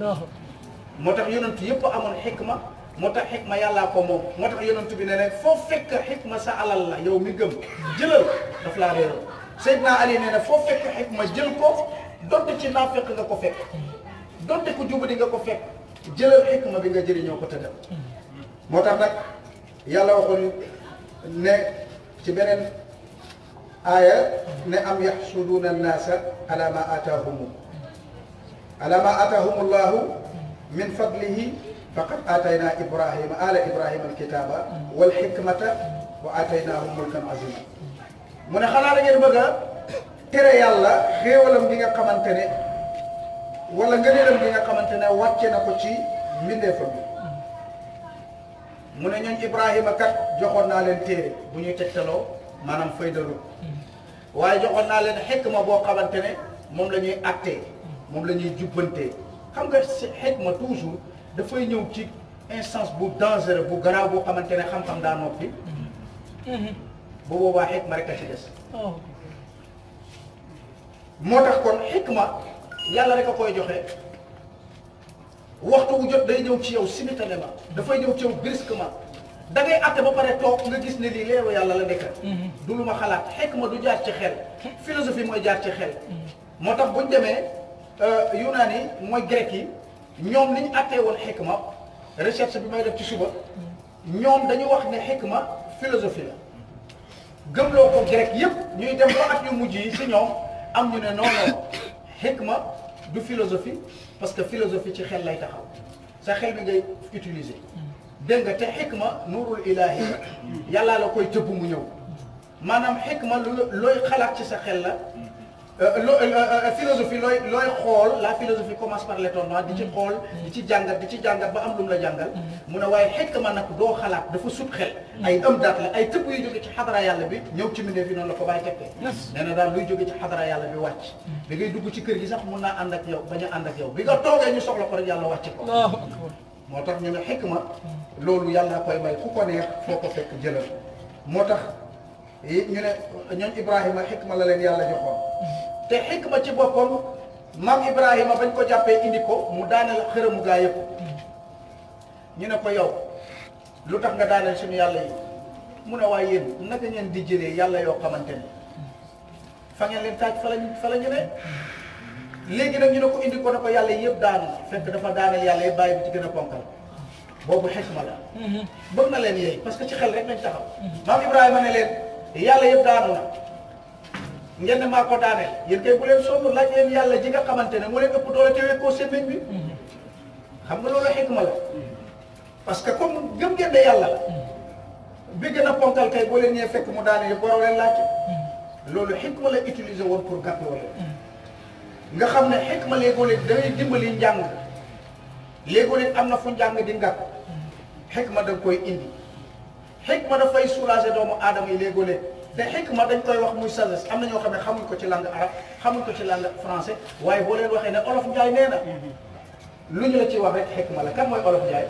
moo tax yonent yëpp amoon xikma moo tax xikma yàllaa ko moom moo tax yonent bi ne ne foo fekk xikma sa alal la yow mi gëm jëlal daf laa réeral Seydina Ali ne ne foo fekk xikma jël ko donte ci naafeq nga ko fekk donte ku jubadi nga ko fekk jëlal xikma bi nga jëriñoo ko tëddal moo tax nag yàlla waxoon ne ci beneen aaya ne am yaxsuduuna annaasa ala ma aataahum ala ma min fadlihi faqad aataynaa Ibrahima ala Ibrahima alkitaaba wal xikmata wa aataynaahu mulkan azima mu ne xanaa da bëgg a tere yàlla xéewalam bi nga xamante ne wala ngëneelam bi nga xamante ne wàcce na ko ci mbindeefam bi mu ne ñooñ Ibrahima kat joxoon naa leen téere bu ñuy tegtaloo maanaam fay waaye joxoon naa leen xikma boo xamante ne moom la ñuy attee moom la ñuy jubbantee c'est nga un toujours dafay un ci instance bu dangereux bu garaaw comme xam y a ci des oh. moo kon il rek a koy joxe waxtu bu jot day sens ci yow simultanément ça. ci yow brusquement da ngay ba nga ne sens pas la nekk mhm. du un du jaar ci philosophie jaar ci xel mhm. يوناني موي غريكي نيوم لي اتي وون حكمه ريسيرش بي ماي ديف تي سوبا نيوم داني واخ ني حكمه فيلوسوفي لا گم لوكو غريك ييب ني ديم با ات ني موجي سي نيوم ام ني نو نو حكمه دو فيلوسوفي باسكو فيلوسوفي تي خيل لاي تاخاو سا خيل بي جاي يوتيليزي دنگا تي حكمه نور الاله يالا لا كوي تيبو مو نيو مانام حكمه لوي خلاق سي خيل لا Euh, euh, euh, philosophie looy looy xool la philosophie commence par naa di ci mm-hmm. xool di ci jàngat di ci jàngat ba am lu mu la jàngal mm-hmm. mu ne waaye xekk ma nag doo xalaat dafa sut xel mm-hmm. ay am daat la ay tëbb yu jóge ci xadara yàlla bi ñëw ci mbindeef yi noonu la ko bàyyi tekkee nee na daal luy ci xadara yàlla bi wàcc da ngay dugg ci kër gi sax mun naa ànd ak yow ba a ànd ak yow bi nga toogee ñu soxla ko rek yàlla wàcc ko moo tax ñu ne xekk ma loolu yàlla koy may ku ko neex foo ko fekk jëlal moo tax ñu ne ñoom Ibrahima xekk ma la leen yàlla joxoon te ma ci boppam maam Ibrahima bañ ko jàppee indi ko mu daaneel xërëmu gaa yëpp ñu ne ko yow lu tax nga daaneel suñu yàlla yi mu ne waaye yéen naka ngeen di jëlee yàlla yoo xamante ni fa ngeen leen taaj fa lañ fa lañu ne léegi nag ñu ne ko indi ko ne ko yàlla yëpp daan fekk dafa daaneel yàlla yëpp bàyyi bi ci gën a ponkal boobu xikma la mhm. bëgg na leen yéey parce que ci xel rek lañ taxaw maam Ibrahima ne leen yàlla yëpp daanu na ngeen ne maa ko daaneel yéen kay bu leen sonn laaj leen yàlla ji nga xamante ne mu leen ëpp doole tewee koo semaine bi xam nga loolu xikma la que comme gëm ngeen ne yàlla la bi gën a ponkal kay boo leen ñee fekk mu daaneel boroo loolu xikma la utiliser woon pour gàtloo nga xam ne xikma léegoo léeg dangay dimbali njàng léegoo léeg am na fu njàng di ngàkk xikma da koy indi xikma dafay soulager doomu aadama yi léegoo léeg te xikma dañ koy wax muy sagesse am na ñoo xam ne xamuñ ko ci langue arabe xamuñ ko ci langue français waaye boo leen waxee ne olof njaay nee na lu ñu la ci wax rek xikma la kan mooy olof njaay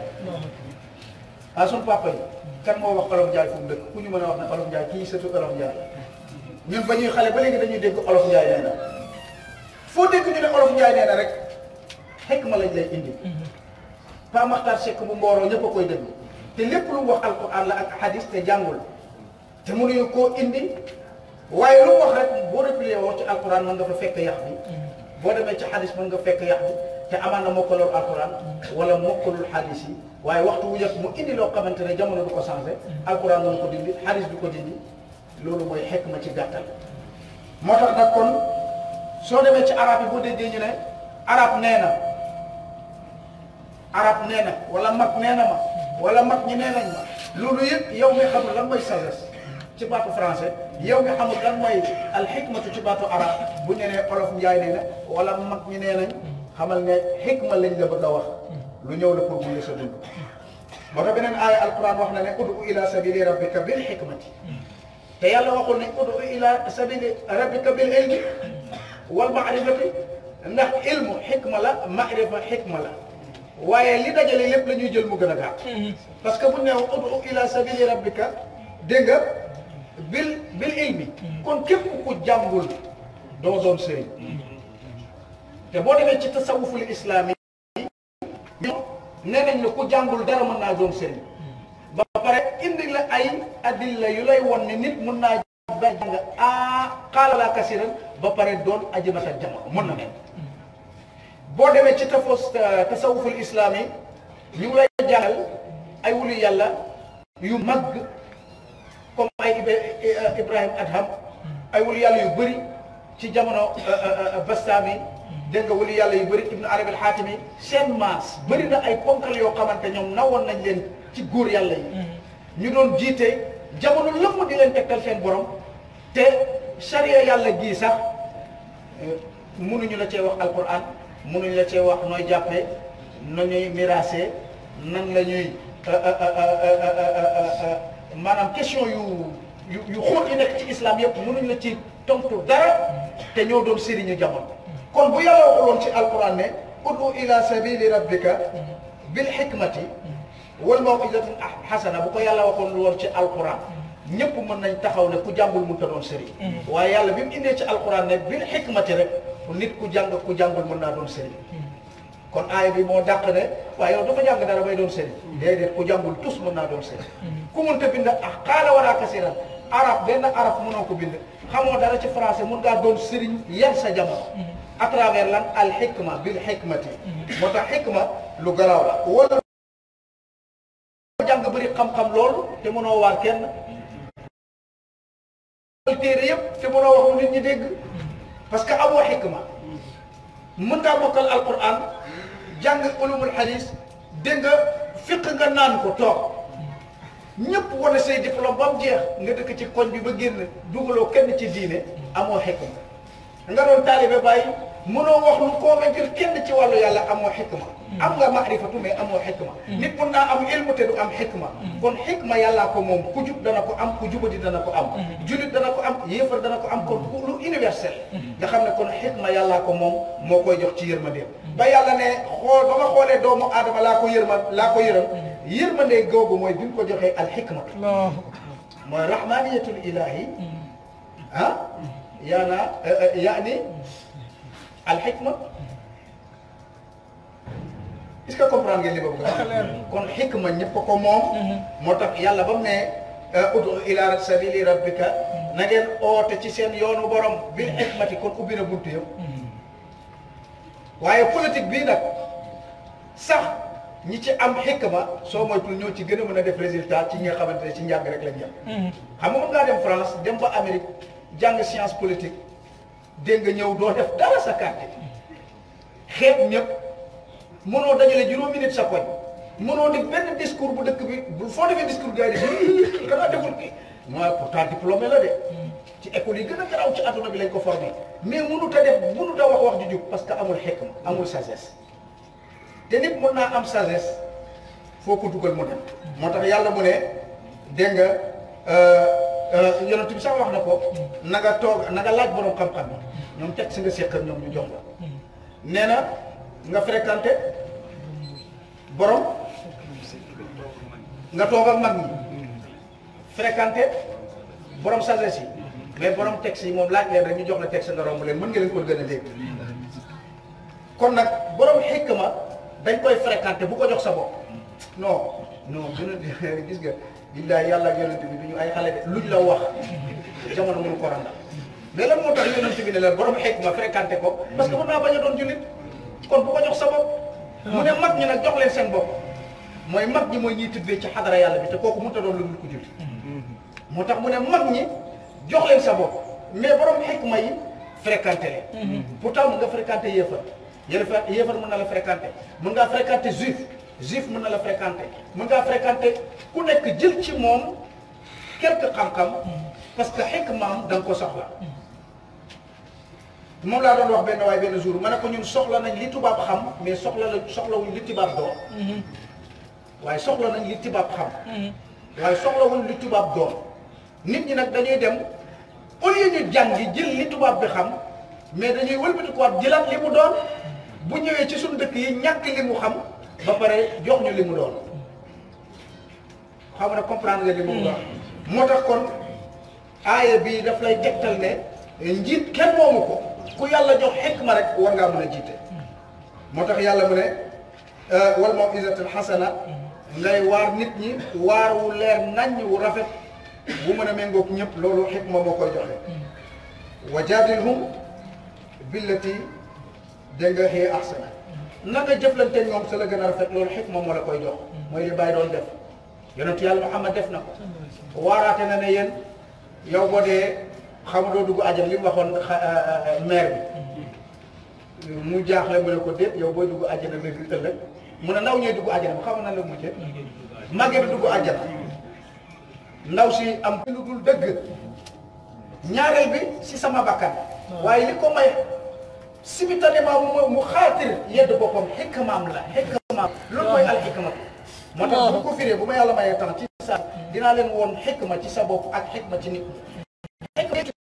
ah suñu papa yi kan moo wax olof njaay fu mu dëkk ku ñu mën a wax ne olof njaay kii sëtu olof njaay ñun ba ñuy xale ba léegi dañuy dégg olof njaay nee na foo dégg ñu ne olof njaay nee na rek xikma lañ lay indi Pa Maxtar Sekk bu Mbooroo ñëpp koy déglu te lépp lu wax alquran la ak hadis te jàngul te mënuñu koo indi waaye lu wax rek boo réplié wax ci alquran mën nga fa fekk yàq bi boo demee ci xadis mën nga fekk yàq bi te amaan na mokkalool alquran wala mokkalul xadis yi waaye waxtu wu yëpp xamante ne jamono du ko changé alquran doon ko dindi xadis du ko dindi loolu mooy xekk ma ci gàttal moo tax nag kon soo demee ci arab yi boo déggee ñu ne nee na arab nee na wala mag nee na ma wala mag ñi nee nañ ma loolu yëpp yow mi xamul lan mooy sagesse ci baatu français yow nga xamul lan mooy alxikmatu ci baatu arab bu ñu nee olof njaay nee wala mag ñi nee nañ xamal ne xikma lañ la bëgg a wax lu ñëw la pour mu la sa dund moo tax beneen aaya alquran wax na ne udu ila sabili rabbika bil xikmati te yàlla waxul ne udu ila sabili rabbika bil ilmi wal maarifati ndax ilmu xikma la maarifa xikma la waaye li dajale lépp la ñuy jël mu gën a gaaw mm-hmm. parce que bu neew udu ila sabili rabbika dégg nga bil bil ilmi kon képp ku jàngul doo doon sëriñ te boo demee ci tasawuful islaam yi nee nañ ne ku jàngul dara mën naa doon sëriñ ba pare indi la ay adilla yu lay won ne nit mën naa ba jàng a xaala ba pare doon ajinata jama mën na mel boo demee ci tafos tasawuful islaam yi lay jàngal ay wulu yàlla yu mag comme ay Ibrahim Adham ay wulu yàlla yu bëri ci jamono Bastami dégg nga wulu yàlla yu bëri Ibn Arabi al-Hatimi seen maas bëri na ay ponkal yoo xamante ñoom woon nañ leen ci góor yàlla yi ñu doon jiite jamono lëpp di leen tegtal seen borom te sariya yàlla gii sax mënuñu la cee wax alquran mënuñu la cee wax nooy jàppee na ñuy miraasee nan la ñuy maanaam question yu yu yu xóot yi nekk ci islam yëpp mënuñ la ci tontu dara te ñoo doon sëriñu jamono kon bu yàlla waxuloon ci alquran ne uddu ila sabili rabbika bil hikmati wal mawidati hasana bu ko yàlla waxoon loon ci alquran ñëpp mën nañ taxaw ne ku jàngul mënut a doon sëriñ mm-hmm. waaye yàlla bi mu indee ci alquran ne bil hikmati rek nit ku jàng ku jàngul mën naa doon sëriñ kon aaya bi moo dàq ne waaye yow dafa jàng dara bay doon sëriñ déedéet ku jàngul tus mën naa doon sëriñ mm-hmm. ku mënta bind xaala war a kasiran arab benn arab mënoo ko bind xamoo dara ci français mun ngaa doon sëriñ yan sa jamono mm-hmm. à lan al xikma bil xikmati mm-hmm. moo tax xikma lu garaaw la wala jàng bëri xam-xam loolu te mënoo waar kenn yëpp te dégg parce que amoo jàng ulumul hadis dégg nga fiq nga naan ko toog ñëpp wane say diplôme ba mu jeex nga dëkk ci koñ bi ba génn dugaloo kenn ci diine amoo xikma nga doon taalibe bàyyi mënoo wax lu convaincre kenn ci wàllu yàlla amoo xikma am nga maarifatu mais amoo xikma nit mun naa am ilmu te du am xikma kon xikma yàllaa ko moom ku jub dana ko am ku jubadi dana ko am julit dana ko am yéefar dana ko am kon lu universel nga xam ne kon xikma yàllaa ko moom moo koy jox ci yërmandeem ba yàlla ne xool ba ma xoolee doomu aadama laa ko yërma laa ko yërëm yërmande googu mooy bi mu ko joxee alxikma mooy rahmaniyatul ilahi ah yaana yaani alxikma est-ce que comprendre ngeen li boobu kon xikma ñëpp ko moom moo tax yàlla ba mu ne udu ila sabili rabbika na ngeen oote ci seen yoonu borom bil xikmati kon ubbi na buntu yëpp waaye politique bii nag sax ñi ci am xikma soo moytul ñoo ci gën a mën a def résultat ci ñi nga xamante ne ci njàng rek lañ jàng. Mm-hmm. xam nga mën ngaa dem France dem ba Amérique jàng science politique dégg ñëw doo def dara sa kàrte xeet ñëpp mënoo dajale juróom minute sa koñ mënoo def benn discours bu dëkk bi bu foo defee discours gars yi de xanaa deful kii. non pourtant diplômé la de. Mm-hmm. ci école yi gën a garaaw ci adduna bi lañ ko formé mais mënut a def mënut a wax wax ju jub parce que amul xekma amul sagesse te nit mën naa am sagesse foo ko dugal mu dem moo tax yàlla mu ne dégg nga euh, euh, yonent bi sax wax na ko na nga toog na nga laaj borom xam-xam yi ñoom teg si nga seqal ñoom ñu jox la nee na nga fréquenté borom nga toog ak mag ñi borom sagesse yi mais borom texte yi moom laaj leen rek ñu jox la texte nga romb leen mën nga leen ko gën a dégg kon nag borom xikma dañ koy fréquenté bu ko jox sa bopp non non gën a gis nga billaay yàlla ak yonent bi du ñu ay xale de luñ la wax jamono mënu ko randal mais lan moo tax bi ne leen borom xikma fréquenté ko parce que mën naa bañ a doon jullit kon bu ko jox sa bopp mu ne mag ñi nag jox leen seen bopp mooy mag ñi mooy ñiy tuddee ci xadara yàlla bi te kooku mënut a doon lu ko jullit moo mu ne mag ñi jox leen sa mais borom xikma yi fréquenté leen. Mhm. pourtant mën nga fréquenté yéefar yéefar yéefar mën na la fréquenté mun ngaa fréquenté juif juif mën la fréquenté mën ngaa fréquenté ku nekk jël ci moom quelque xam-xam mhm. parce que xikmaam da nga ko soxla. moom laa doon wax benn waay benn jour ma ne ko ñun soxla nañ li tubaab xam mais soxla la soxlawuñ li tubaab doon. Mhm. waaye soxla nañ li tubaab xam. waaye soxlawuñ li tubaab nit ñi nag dañuy dem. au lieu ñu jàngi jël li tubaab bi xam mais dañuy wëlbatikuwaat jëlaat li mu doon bu ñëwee ci suñu dëkk yi ñàkk li mu xam ba pare jox ñu li mu doon xam na comprendre nga li mu hmm. moo tax kon aaya bi daf lay tegtal ne njiit kenn moomu ko ku yàlla jox xikma rek war ngaa mën a jiite hmm. moo tax yàlla mu ne euh, wal maw'izatul hasana hmm. ngay waar nit ñi waar wu leer naññ wu rafet bu mën a méngoog ñëpp loolu xikma moo koy joxe wa jaadilhum billati dégg nga xëy ahsana na nga jëflante ñoom sa la gën a rafet loolu xikma moo la koy jox mooy li bàyyi doon def yonent yàlla Muhammad def na ko waaraate na ne yéen yow boo dee xamadoo dugg ajal li mu waxoon euh, euh, euh, maire bi mu jaaxle mu ne ko déet yow booy dugg ajjana léegi ëllëg mu ne naw ñooy dugg ajjana ba xam na la mujjee màgge bi dugg ajjana ndaw si am lu dul dëgg ñaareel bi si sama bakkan waaye li ko may simultanément mu mu xaatir yedd boppam xikmaam la xikmaam loolu mooy al xikma moo tax bu ko firee bu ma yàlla mayee tam ci sa dinaa leen woon xekk ma ci sa bopp ak ma ci nit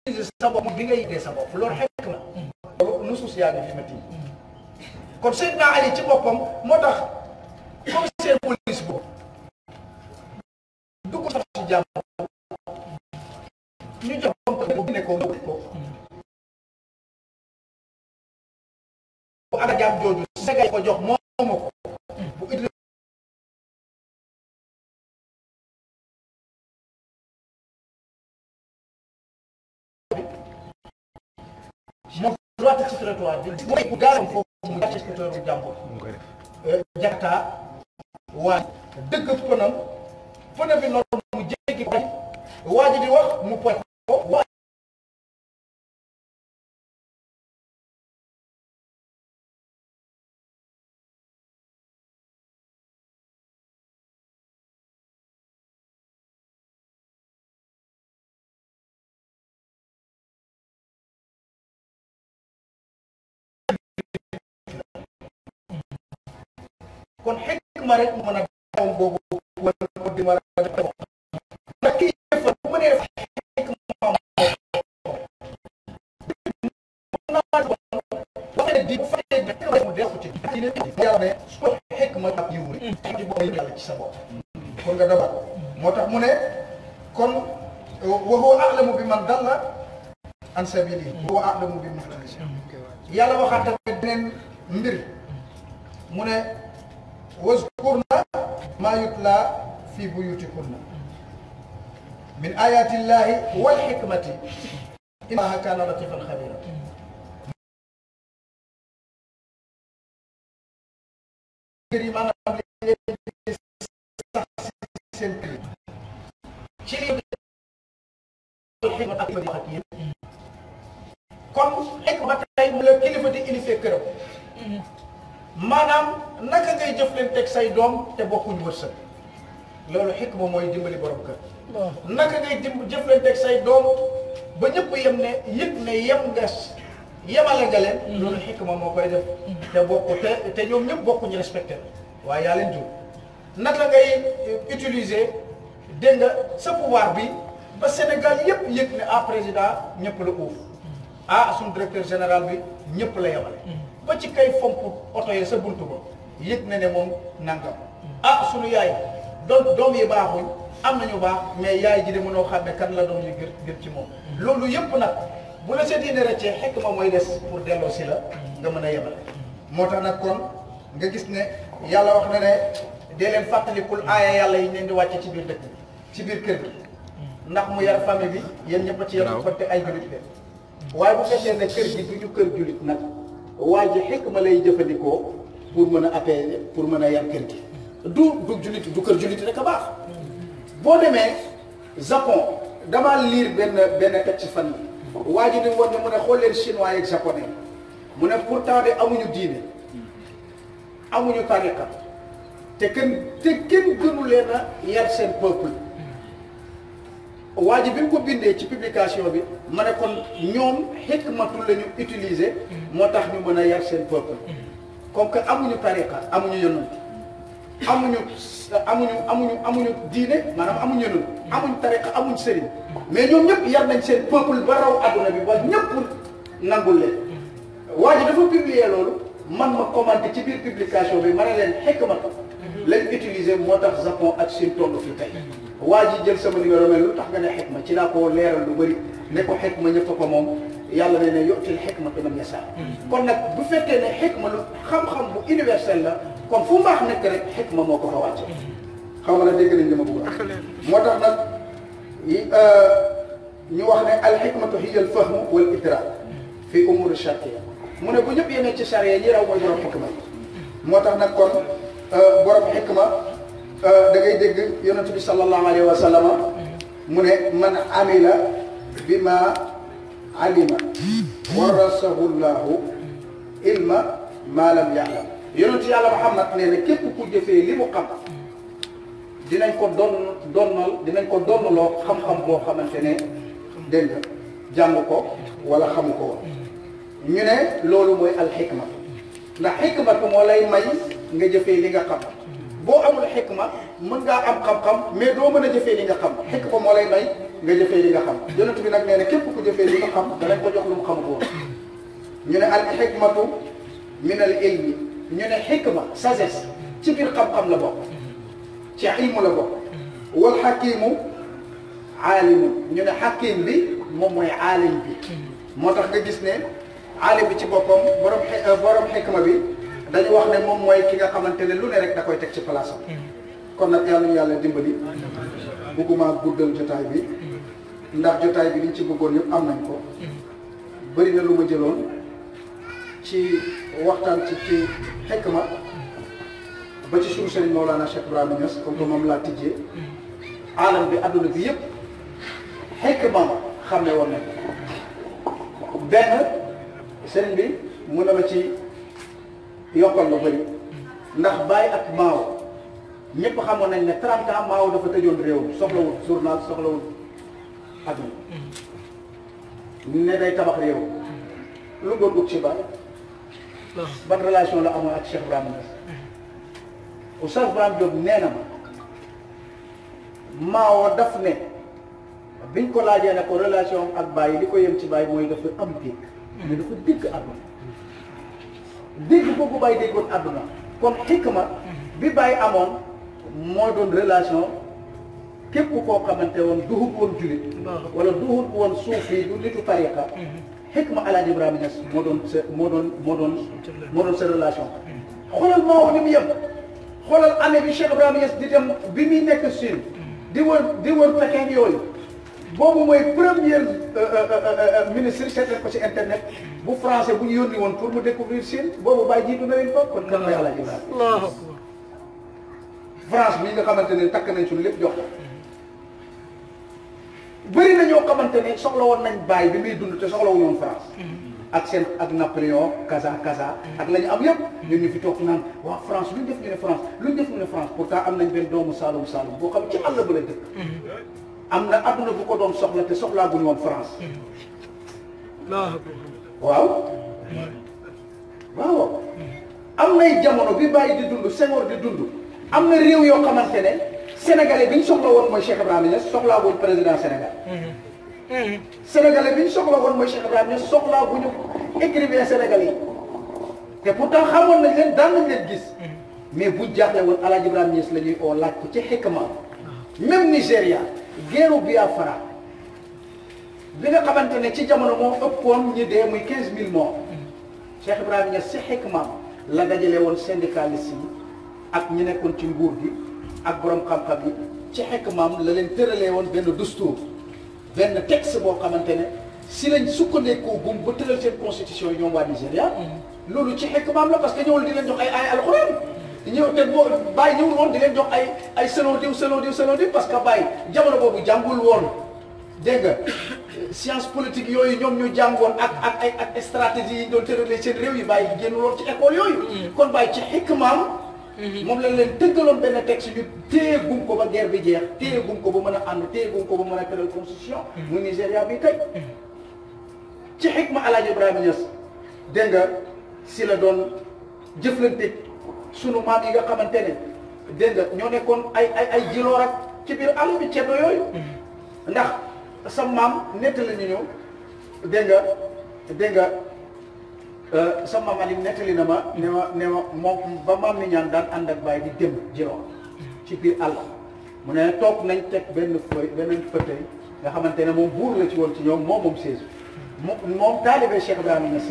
ñi sa bopp bi nga yëgee sa bopp loolu xikma loolu nusuus yaa ngi fi kon Seydina Ali ci boppam moo tax commissaire police boobu du ko soxla si jàmm ñu jox ko ne ko ko bu ànd ak jàmm jooju segay ko jox moomu ko bu it moom ci territoire bi mooy bu gaalam foofu mu gàcce euh, dëkk pënam pënam bi waa ji di wax mu pot ko kon xikma rek mën a boobu wala ko di mën a xamee su ko xekk ma ab yiw rek xam ci boobu yëpp yàlla ci sa bopp kon nga dogal ko moo tax mu ne kon wa huwa a'lamu bi man dalla an sabili wa huwa a'lamu bi man xalisi yàlla waxaat tamit beneen mbir mu ne waskurna maa yutla fi buyutikunna min ayati llahi wal hikmati inna allaha kaana latifan xabira kër yi maanaam li ngeen di sax xikma tey la kilifa di ilifee këram maanaam naka ngay jëflanteeg say doom te bokkuñ wërsëg loolu xikma mooy dimbali borom kër naka ngay jëflanteeg say doom ba ñëpp yem ne yëg ne yem nga yemale nga leen. loolu xikma moo koy def. te bokk te te ñoom ñëpp bokkuñu respecté la waaye yaa leen jur naka ngay euh, utiliser dégg nga sa pouvoir bi ba Sénégal yëpp yëg ne ah président ñëpp la uuf ah suñu directeur général bi ñëpp la yemale. ba ci kay fomp oto yi sa buntu ko yëg na ne moom nangam. ah suñu yaay doom doom yi baaxuñ am nañu baax mais yaay ji de mënoo xam ne kan la doom yi gër gër ci moom loolu yëpp nag. bu la sa diine rëccee xekk ma mooy des pour delloo si la nga mën a yemal moo tax nag kon nga gis ne yàlla wax na ne dee leen fàttalikul aaya yàlla yi leen di wàcce ci biir dëkk bi ci biir kër gi ndax mu yar famille bi yéen ñëpp a ci yar fante ay julit leen waaye bu fekkee ne kër gi du ñu kër julit nag waa ji xekk ma lay jëfandikoo pour mën a apaiser pour mën a yar kër gi du du julit du kër julit rek a baax boo demee Japon dama liir benn benn teg ci fan bi waa ji di woon ne mu ne xool leen chinois yeeg japonais mu ne pourtant de amuñu diine amuñu tariqa te kenn te kenn gënu leen a yar seen peuple waa ji ko bindee ci publication bi ma ne kon ñoom xikmatul la ñu utiliser moo tax ñu mën a yar seen peuple comme amuñu tariqa amuñu yonent amuñu amuñu amuñu amuñu diine maanaam amuñu yeneen amuñ tariqa amuñ sëriñ mais ñoom ñëpp yar nañ seen peuple ba raw adduna bi ba ñëpp nangul leen waa ji dafa publier loolu man ma commenté ci biir publication bi ma ne leen xekk ma mhm. lañ utiliser moo tax Japon ak Chine tollu fi tey waa ji jël sama numéro mel lu tax nga ne xikma ci laa ko leeral lu bëri ne ko ma ñëpp ko moom yàlla ne ne yottil xikma dama ñesaa mhm. kon nag bu fekkee ne xikma lu xam-xam bu universel la kon fu mbax nek rek hikma moko fa wàcce xam nga ne dégg nañ dama bu bëgg a moo tax nag ñu wax ne al hikmatu hiya al fahmu wal idrak fi umur charia mu ne bu ñep yene ci sharia ñi raw moy borom xikma yi moo tax nag kon borom xikma da ngay dégg yonent bi sallallahu alayhi wa sallam mu ne man amila bima alima warasahu allah ilma ma lam yaalam yonent yàlla Muhammad nee na képp ku jëfee li mu xam dinañ ko donn donnal dinañ ko donnaloo xam-xam boo xamante ne dégg nga jàng ko wala xamu ko woon ñu ne loolu mooy alxikma ndax xikma ko moo lay may nga jëfee li nga xam boo amul xikma mën ngaa am xam-xam mais doo mën a jëfee li nga xam xikma moo lay may nga jëfee li nga xam yonent bi nag nee na képp ku jëfee li nga xam danañ ko jox lu mu xam ko woon ñu ne alxikmatu min al ilmi ñu ne xikma sagesse ci biir xam-xam la bokk ci ilmu la bokk wal xakimu aalimu ñu ne xakim bi moom mooy aalim bi moo tax nga gis ne aalim bi ci boppam borom euh, borom xikma bi dañu wax ne moom mooy ki nga xamante ne lu ne rek da koy teg ci place kon nag yàlla ñu yàlla dimbali bëgguma guddal jotaay bi ndax jotaay bi liñ ci bëggoon yëpp am nañ ko bëri na lu ma jëloon ci waxtaan ci ci xekk ma ba ci suñu sëriñ Mawlana Cheikh Ibrahima Niass comme que moom laa tijjee alam bi adduna bi yëpp xekk ma xam ne woon nañ benn sëriñ bi mun na ma ci yokkal lu bëri ndax bàyyi ak maaw ñëpp xamoon nañ ne 30 ans maaw dafa tëjoon réew mi soxlawul journal soxlawul adduna mm. ne day tabax réew lu góor ci bàyyi ban relation la amoon ak Cheikh Ibrahima Niass Oustaz Ibrahima Diop nee na ma Maodo daf ne biñ ko laajee ne ko relation ak Baye li ko yem ci Baye mooy dafa am dégg mais dafa dégg àdduna dégg boobu Baye déggoon àdduna kon xikma bi Baye amoon moo doon relation képp koo xamante woon duhut woon julit wala duhut woon suufi du nitu tariqa mhm. xekk ma Alaaji Ibrahima Niass moo doon sa moo doon moo doon moo doon sa relation xoolal moo ni mu yem xoolal année bi Cheikh Ibrahima Niass di dem bi muy nekk Chine di wër di wër pexe yooyu boobu mooy premier euh, euh, euh, ministre seetal ko ci internet bu français bu ñu yónni woon pour mu découvrir Chine boobu bàyyi jiitu na leen fa kon kan la Alaaji Ibrahima France bi nga xamante ne takk nañ suñu lépp jox ko bëri na ñoo xamante ne soxla woon nañ bàyyi bi muy dund te soxla wu woon France mm-hmm. ak seen ak Napoléon kasa kasa mm-hmm. ak lañu am yëpp mm-hmm. ñun ñu fi toog naan waa France lu ñu def ñu France lu ñu def ñu ne France am nañ benn doomu Saloum Saloum boo xam ci àll ba la dëkk am na adduna bu ko doon soxla te soxlaa bu ñu woon France waaw waaw am nay jamono bi bàyyi di dund Senghor di dund am na réew yoo xamante ne sénégalais bi ñu soxla woon mooy Cheikh Ibrahima Niass soxlaa woon président Sénégal. sénégalais bi ñu soxla woon mooy Cheikh Ibrahima Niass soxlaa bu ñu écrivain sénégalais yi te pourtant xamoon nañ leen daan nañ leen gis. mais bu jaaxle woon El Hadj Ibrahima Niass la ñuy oo laaj ko ci xikma même Nigéria guerre bi nga xamante ne ci jamono moo ëppoon ñu dee muy 15000 morts. Cheikh la dajale woon syndicaliste yi ak ñi nekkoon ci nguur gi. ak borom xam-xam yi ci xekmaam la leen tëralee woon benn dustuur benn texte boo xamante ne si lañ sukkandekoo gum ba tëral seen constitution yi ñoom waa Nigéria mm-hmm. loolu ci xekmaam la parce que ñëwul di leen jox ay ay alxuraan ñëw te boo bàyyi ñëwul woon di leen jox ay ay selon diw selon diw selon diw parce que bàyyi jamono boobu jàngul woon dégg nga science politique yooyu ñoom ñu jàngoon ak ak ay ak stratégie yi ñu seen réew yi bàyyi génnul woon ci école yooyu mm-hmm. kon bàyyi ci xekmaam Mhm. moom la leen tëggaloon benn texte ñu téye gum ko ba guerre bi jeex téye ko ba mën a ànd téye ko ba mën a tëral constitution mhm. mu Nigéria bi tey mhm. ci xikma Alaaji Ibrahima Niass dégg nga si la doon jëflante sunu maam yi nga xamante ne dégg nga ñoo nekkoon ay ay ay jiloor ak ci biir àll bi ceddo yooyu ndax sa maam nett la ñëw dégg nga dégg nga Euh, sama malim nettali na ma ne ma ne ma moom ba maam ni ñaan daan ànd ak bàyyi di dem jiroon ci biir àll mu ne toog nañ teg benn feuille benn feuille nga xamante ne moom buur la ci woon ci ñoom moom moom chaise bi mu moom taalibe Cheikh Ibrahima Niass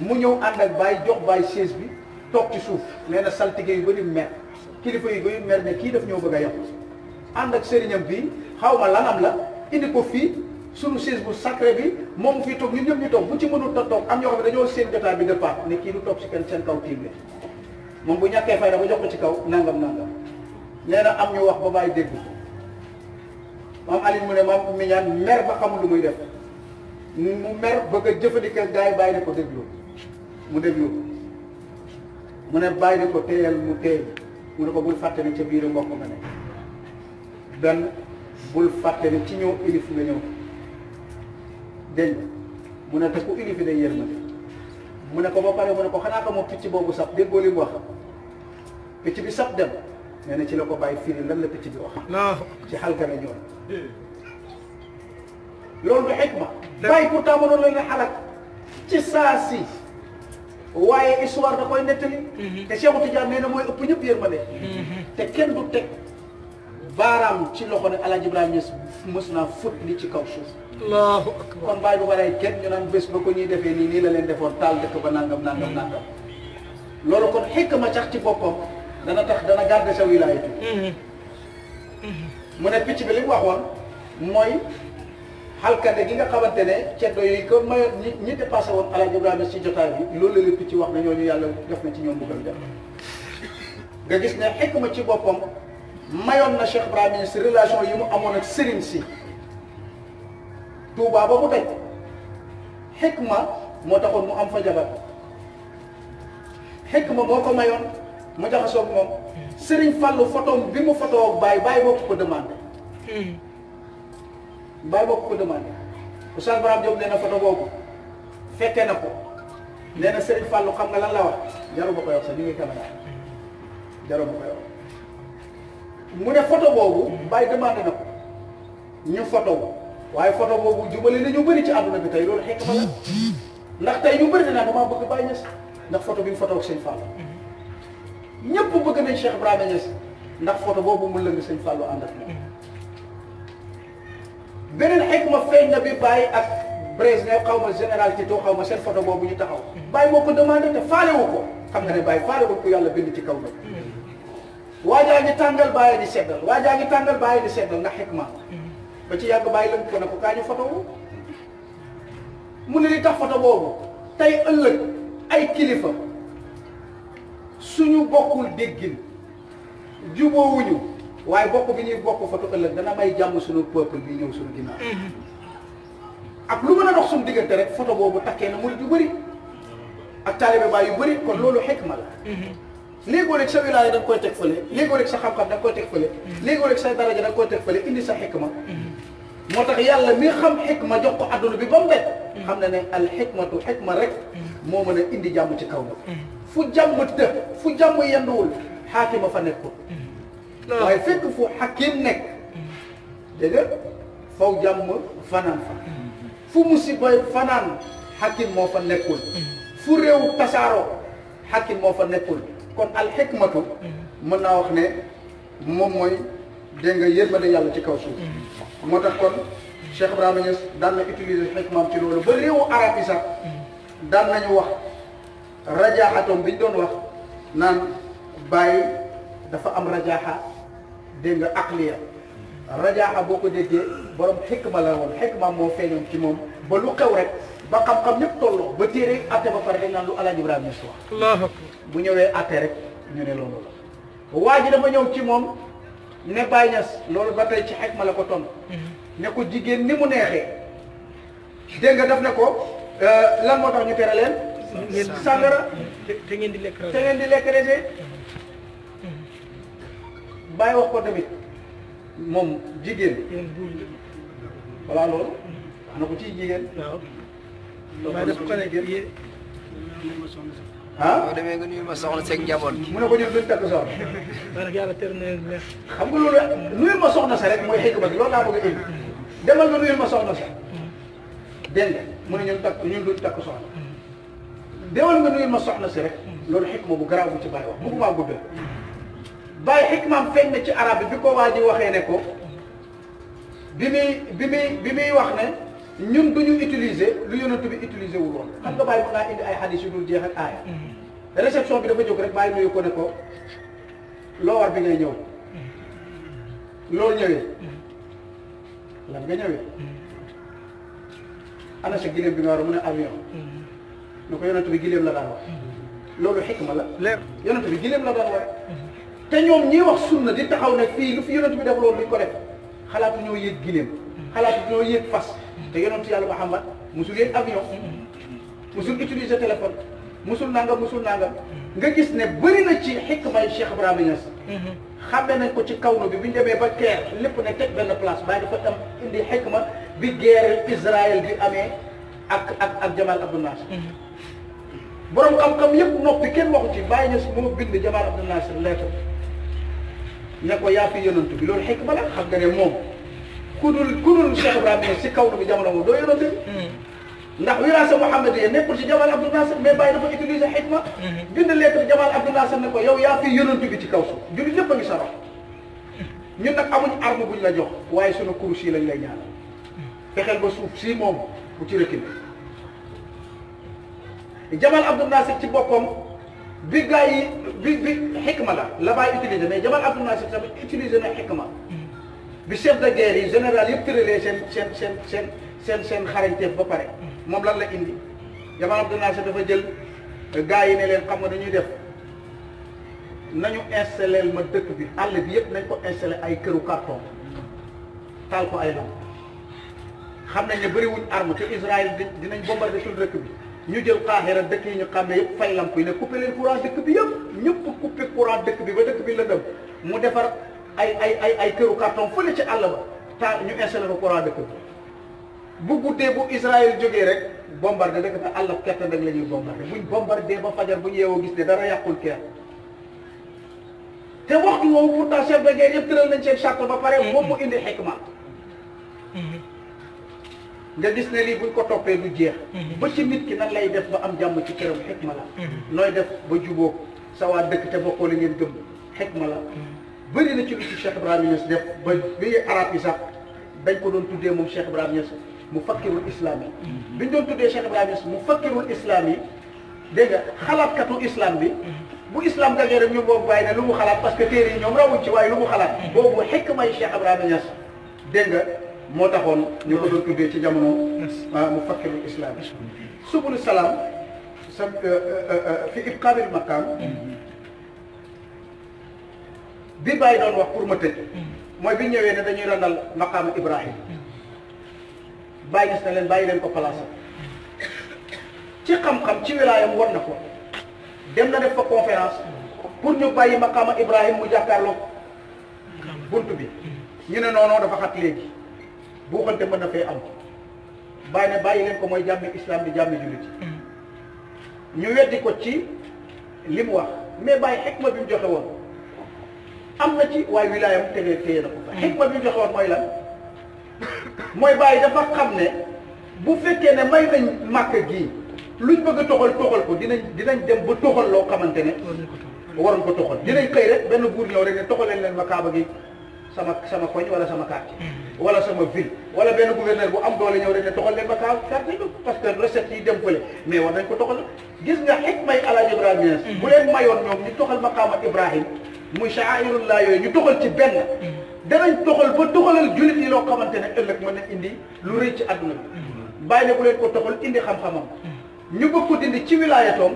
mu ñëw ànd ak bàyyi jox bàyyi chaise bi toog ci suuf nee na saltige yu bëri mer kilifa yu bëri mer ne kii daf ñëw bëgg a yàqu ànd ak sëriñam bi xaw ma lanam la indi ko fii suñu chaise bu sacré bi moom fii toog ñun ñëpp ñu toog bu ci mënul ta toog am ñoo xam ne dañoo seen jotaay bi départ ne kii du toog si kenn seen moom bu ñàkkee fay da jox ko ci kaw nangam nangam nee na am ñu wax ba bàyyi dégg maam Alioune mu ne maam Mignane mer ba xamul lu muy def mu mer bëgg a jëfandikoo gars yi bàyyi ne ko déglu mu déglu mu ne bàyyi ne ko téyal mu téy mu ne ko bul fàtte ne ca biir mbokk nga ne benn bul fàtte ne ci ñëw ilif nga ñëw dégg mu ne te ku indi fi day yërmande mu ne ko ba pare mu ne ko xanaa ko moom picc boobu sax déggoo li mu wax picc bi sax dem nee na ci la ko bàyyi firi lan picc bi wax. ci xalka na ñoom. loolu du xikma. bàyyi pourtant mënoon leen a xalaat ci saa si. waaye histoire da koy nettali. Mhm. te Cheikh Tidiane nee na mooy ëpp ñëpp yërmande. Mhm. te kenn du teg. baaraam ci loxo ne Alaaji Ibrahima Niass mës naa fut li ci kaw suuf. allahu akbar kon bàyyi bu ko rey kenn ñu naan bés ba ko ñuy defee nii nii la leen defoon taal dëkk ba nangam nangam nangam. loolu kon xëkk ma sax ci boppam dana tax dana garder sa wilaayatu. Mhm. mu ne picc bi li mu waxoon mooy xalkande gi nga xamante ne ceddo yooyu ko mayoon ñi ñi dépassé woon Alaaji Ibrahima Niass ci jotaay bi loolu la picc wax ne ñooñu yàlla def na ci ñoom bëggal def nga gis ne xëkk ci boppam. mayoon na Cheikh Ibrahima si relation yi mu amoon ak Serigne si Touba ba mu teg xikma moo taxoon mu am fa jabar xikma moo ko mayoon mu jaxasoo ak moom Serigne Fallou photom bi mu foto ak Baye Baye ko demandé hmm. Baye bokk ko demandé Oustaz Ibrahima Diop nee na photo boobu fekkee na ko nee na Serigne xam nga lan la wax jaru ba koy wax sax ñu ngi caméra jaru ba koy wax mu ne foto boobu bàyyi demandé na ko ñu photo ko waaye foto boobu jubale na ñu bëri ci àdduna bi tey loolu xekk ma la ndax tey ñu bëri na damaa bëgg Baye Niass ndax foto bi mu photo ak sëñ Fallou ñëpp bëgg nañ Cheikh Ibrahima Niass ndax photo boobu mu lëng sëñ Fallou ànd ak moom beneen xekk ma feeñ na bi bàyyi ak président xaw ma général Tito xaw ma seen photo boobu ñu taxaw Baye moo ko demandé te faale ko xam nga ne Baye faale wu yàlla bind ci kaw na waajaa ngi tàngal bàyyi di seddal waajaa ngi tàngal bàyyi di seddal ndax xikma ba ci yàgg bàyyi lënk ko ne ko kaa ñu photo wu mu ne li tax foto boobu tey ëllëg ay kilifa suñu bokkul déggin juboowuñu waaye bokk bi ñuy bokk foto ëllëg dana may jàmm suñu peuple bi ñëw suñu ginnaaw ak lu mën a dox suñu diggante rek photo boobu takkee na murit yu bëri ak taalibe baay yu bëri kon loolu xikma la léegoo rek sa wilaaya da nga koy teg fële léegoo rek sa xam-xam da nga koy teg fële léegoo rek say daraja da nga koy teg fële indi sa xikma moo tax yàlla mi xam xikma jox ko adduna bi ba mu bet xam na ne al xikmatu xikma rek moo mën a indi jàmm ci kaw na fu jàmm të fu jàmm yenduwul xaakima fa nekk ko waaye fekk fu xakim nekk dégg nga faw jàmm fanaan fa fu musiba fanaan xakim moo fa nekkul fu réew tasaaroo xakim moo fa nekkul kon alxikmatu mën naa wax ne moom mooy dégg nga yërmande yàlla ci kaw suuf moo tax kon Cheikh Ibrahima Niass daan na utiliser xikmaam ci loolu ba réewu arab yi sax daan nañu wax rajaaxatoom bi ñu doon wax naan bàyyi dafa am rajaaxa dégg nga aqliya rajaaxa boo ko déggee borom ma la woon xikma moo feeñoon ci moom ba lu xew rek ba xam-xam ñëpp tolloo ba téere atte ba pare dañ naan lu Alaaji Ibrahima Niass wax bu ñëwee atte rek ñu ne loolu la waa ji dafa ñëw ci moom ne Baye Niass loolu ba tey ci xikma la ko tontu mhm. ne ko jigéen ni mu neexee dégg nga daf ne ko euh, lan moo tax ñu tere leen sàngara te ngeen di lekk te ngeen di lekk rese mhm. Baye wax ko tamit moom jigéen voilà loolu wax na ko ci jigéen may def ko nekk yéen. ah boo demee nga nuyu ma soxna seeg njaboot gi. mu ne ko ñun duñ takk soxna. parce que yàlla tër na neex. xam nga loolu nuyul ma soxna sa rek mooy xikma bi loolu laa demal nga nuyul ma soxna sa. dégg nga mu ne ñun takk ñun duñ takk soxna. demal nga nuyul ma soxna si rek. loolu xikma bu garaaw bu ci bàyyi wax bëgguma guddal. bàyyi xikmaam feeñ na ci araab bi bi ko waa ji waxee ne ko. bi bi muy bi muy wax ne. ñun du ñu utiliser lu yonent bi utiliser wu woon xam nga bàyyi ma ngaa indi ay xadis yu dul jeex ak aaya mm-hmm. réception bi dafa jóg rek bàyyi nuyu ko ne ko loo bi ngay ñëw mm-hmm. loolu ñëwee mm-hmm. lan nga bi nga war a mën a avion nu ko yonent la daan wax loolu ma la leer yonent bi gileem la daan wax te ñoom ñi wax sunna li taxaw nag fii lu fi yonent bi def loolu duñ ko rek xalaatu ñoo yéeg gileem xalaatu ñoo yéeg fas te yonent yàlla Muhammad musul yéeg avion musul utilise téléphone musul nangam musul nangam nga gis ne bëri na ci xikmay Cheikh Ibrahima Niass xammee nañ ko ci kawnu bi bi ñu demee ba keer lépp ne teg benn place bàyyi dafa tam indi xikma bi guerre Israël di amee ak ak ak Jamal Abdou Nasser borom xam-xam yëpp noppi kenn waxu ci bàyyi Niass moo bind Jamal Abdou Nasser lettre ne ko yaa fi yonent bi loolu xikma la xam nga moom ku dul ku dul Cheikh si kaw bi jamono boobu doo yonante bi hmm. ndax wiraasa Mouhamed yi nekkul si Jamal Abdou Nasser mais bàyyi dafa utilisé xikma hmm. bind lettre Jamal Abdou Nasser ne ko yow yaa fi yonante bi ci kaw suuf jullit ñëpp a ngi saro hmm. ñun nag amuñ arme buñ la jox waaye sunu kurus yi lañ lay ñaanal fexeel ba suuf sii moom bu ci rëkkil Jamal Abdou Nasser ci boppam bi gaa yi bi bi xikma la la bàyyi utilisé mais Jamal Abdou Nasser tamit utilisé na xikma بشيف دا جيري جنرال يكتري لي سين سين سين سين سين سين خارنتيف با بار موم لا اندي يما عبد الناصر دا فا جيل غاي ني لين خامو دانيو ديف نانيو انستالل ما دك بي ال بي اي كيرو كارتون اي لام خام نان بري وون ارم تي اسرائيل دي نان بومبار دي تول دك بي ني جيل قاهره دك ني خام كوي ني كوبي لين كوران دك بي ييب ييب كوبي كوران دك بي با ay ay ay ay këru carton fële ci àll ba taal ñu installé ko courant dëkk bi bu guddee bu Israël jógee rek bombardé rek dafa àll kerte rek la ñuy bombardé buñ bombardé ba fajar bu ñu gis ne dara yàqul kër te waxtu woowu pourtant chef de guerre yëpp tëral nañ seen charte ba pare mm-hmm. moom mu indi xikma mm-hmm. nga gis ne lii buñ ko toppee du jeex mm-hmm. ba ci nit ki nan lay def ba am jàmm ci këram xikma la nooy def ba jubóog sa waa dëkk te bokkoo li ngeen gëm xikma la bëri na ci lu ci Cheikh Ibrahima Niass def ba bii arab yi sax dañ ko doon tuddee moom Cheikh Ibrahima Niass mu fakkirul islam yi bi ñu doon tuddee Cheikh Ibrahima mu fakkirul islam yi dégg nga xalaatkatu islam bi bu islam dajee rek ñu boobu bàyyi ne lu mu xalaat parce que téere yi ñoom rawuñ ci waaye lu mu xalaat boobu xekk may Cheikh Ibrahima Niass dégg nga moo taxoon ñu ko doon tuddee ci jamono ah, mu fakkirul islam yi subulu salaam sa euh, euh, euh, fi ibqaabil maqaam bi bàyyi doon wax pour ma tëj mooy bi ñëwee ne dañuy randal maqaama Ibrahim bàyyi gis na leen bàyyi leen ko place ci xam-xam ci wilaayam war na ko dem na def fa conférence pour ñu bàyyi maqaama Ibrahim mu jàkkaarloo bunt bi ñu ne noonoo dafa xat léegi buuxante mën na fee am bàyyi ne bàyyi leen ko mooy jàmmi islam bi jàmmi jullit mm. ñu weddi ko ci li wax mais bàyyi xekma bi mu joxe woon am na ci waaye wilaayam tegee téye na ko fa xikma bi ñu joxoon mooy lan mooy bàyyi dafa xam ne bu fekkee ne may nañ màkk gii luñ bëgg a toxal toxal ko dinañ dinañ dem ba toxal loo xamante ne waroon ko toxal dinañ xëy rek benn buur ñëw rek ne toxaleen leen ma kaaba gi sama sama koñ wala sama quartier mm. wala sama ville wala benn gouverneur bu am doole ñëw rek ne toxal leen ma kaaba quartier parce que recette yi dem fële mais war nañ ko toxal gis nga xikmay alaaji ibrahima mm. bu leen mayoon ñoom ñu toxal maqaama ibrahim muy laa yooyu ñu doxal ci benn danañ doxal ba doxalal jullit yi loo xamante ne ëllëg mën na indi lu rëy ci àdduna bi bàyyi ne leen ko doxal indi xam-xamam ñu bëgg ko dindi ci wilaayatoom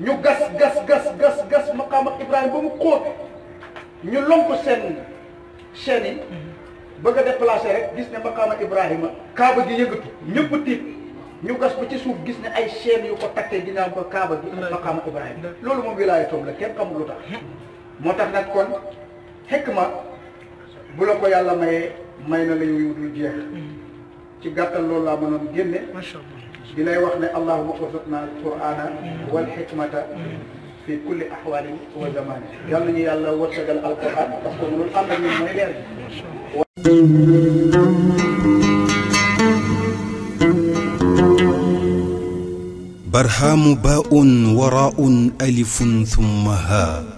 ñu gas gas gas gas gas maqaam ak Ibrahima ba mu xóot ñu lonk seen chaîne yi bëgg a déplacé rek gis ne maqaam ak Ibrahima kaaba gi yëngatu ñëpp di ñu gas ba ci suuf gis ne ay chaîne yu ko takkee dinaa ko kaaba gi maqaam ak Ibrahima loolu moom wilaayatoom la kenn xamul lu motax nak kon hikma bu lako yàlla maye mayna lay la yow jeex ci gàttal loolu la mënoon génne di lay wax ne allahuma awsatna alqurana wal xikmata fi kulli ahwalin wa zamani yàlla ñu yàlla wërsëgal alquran parce que mënul ànd ak ñun mooy leer برهام باء وراء ألف ثم هاء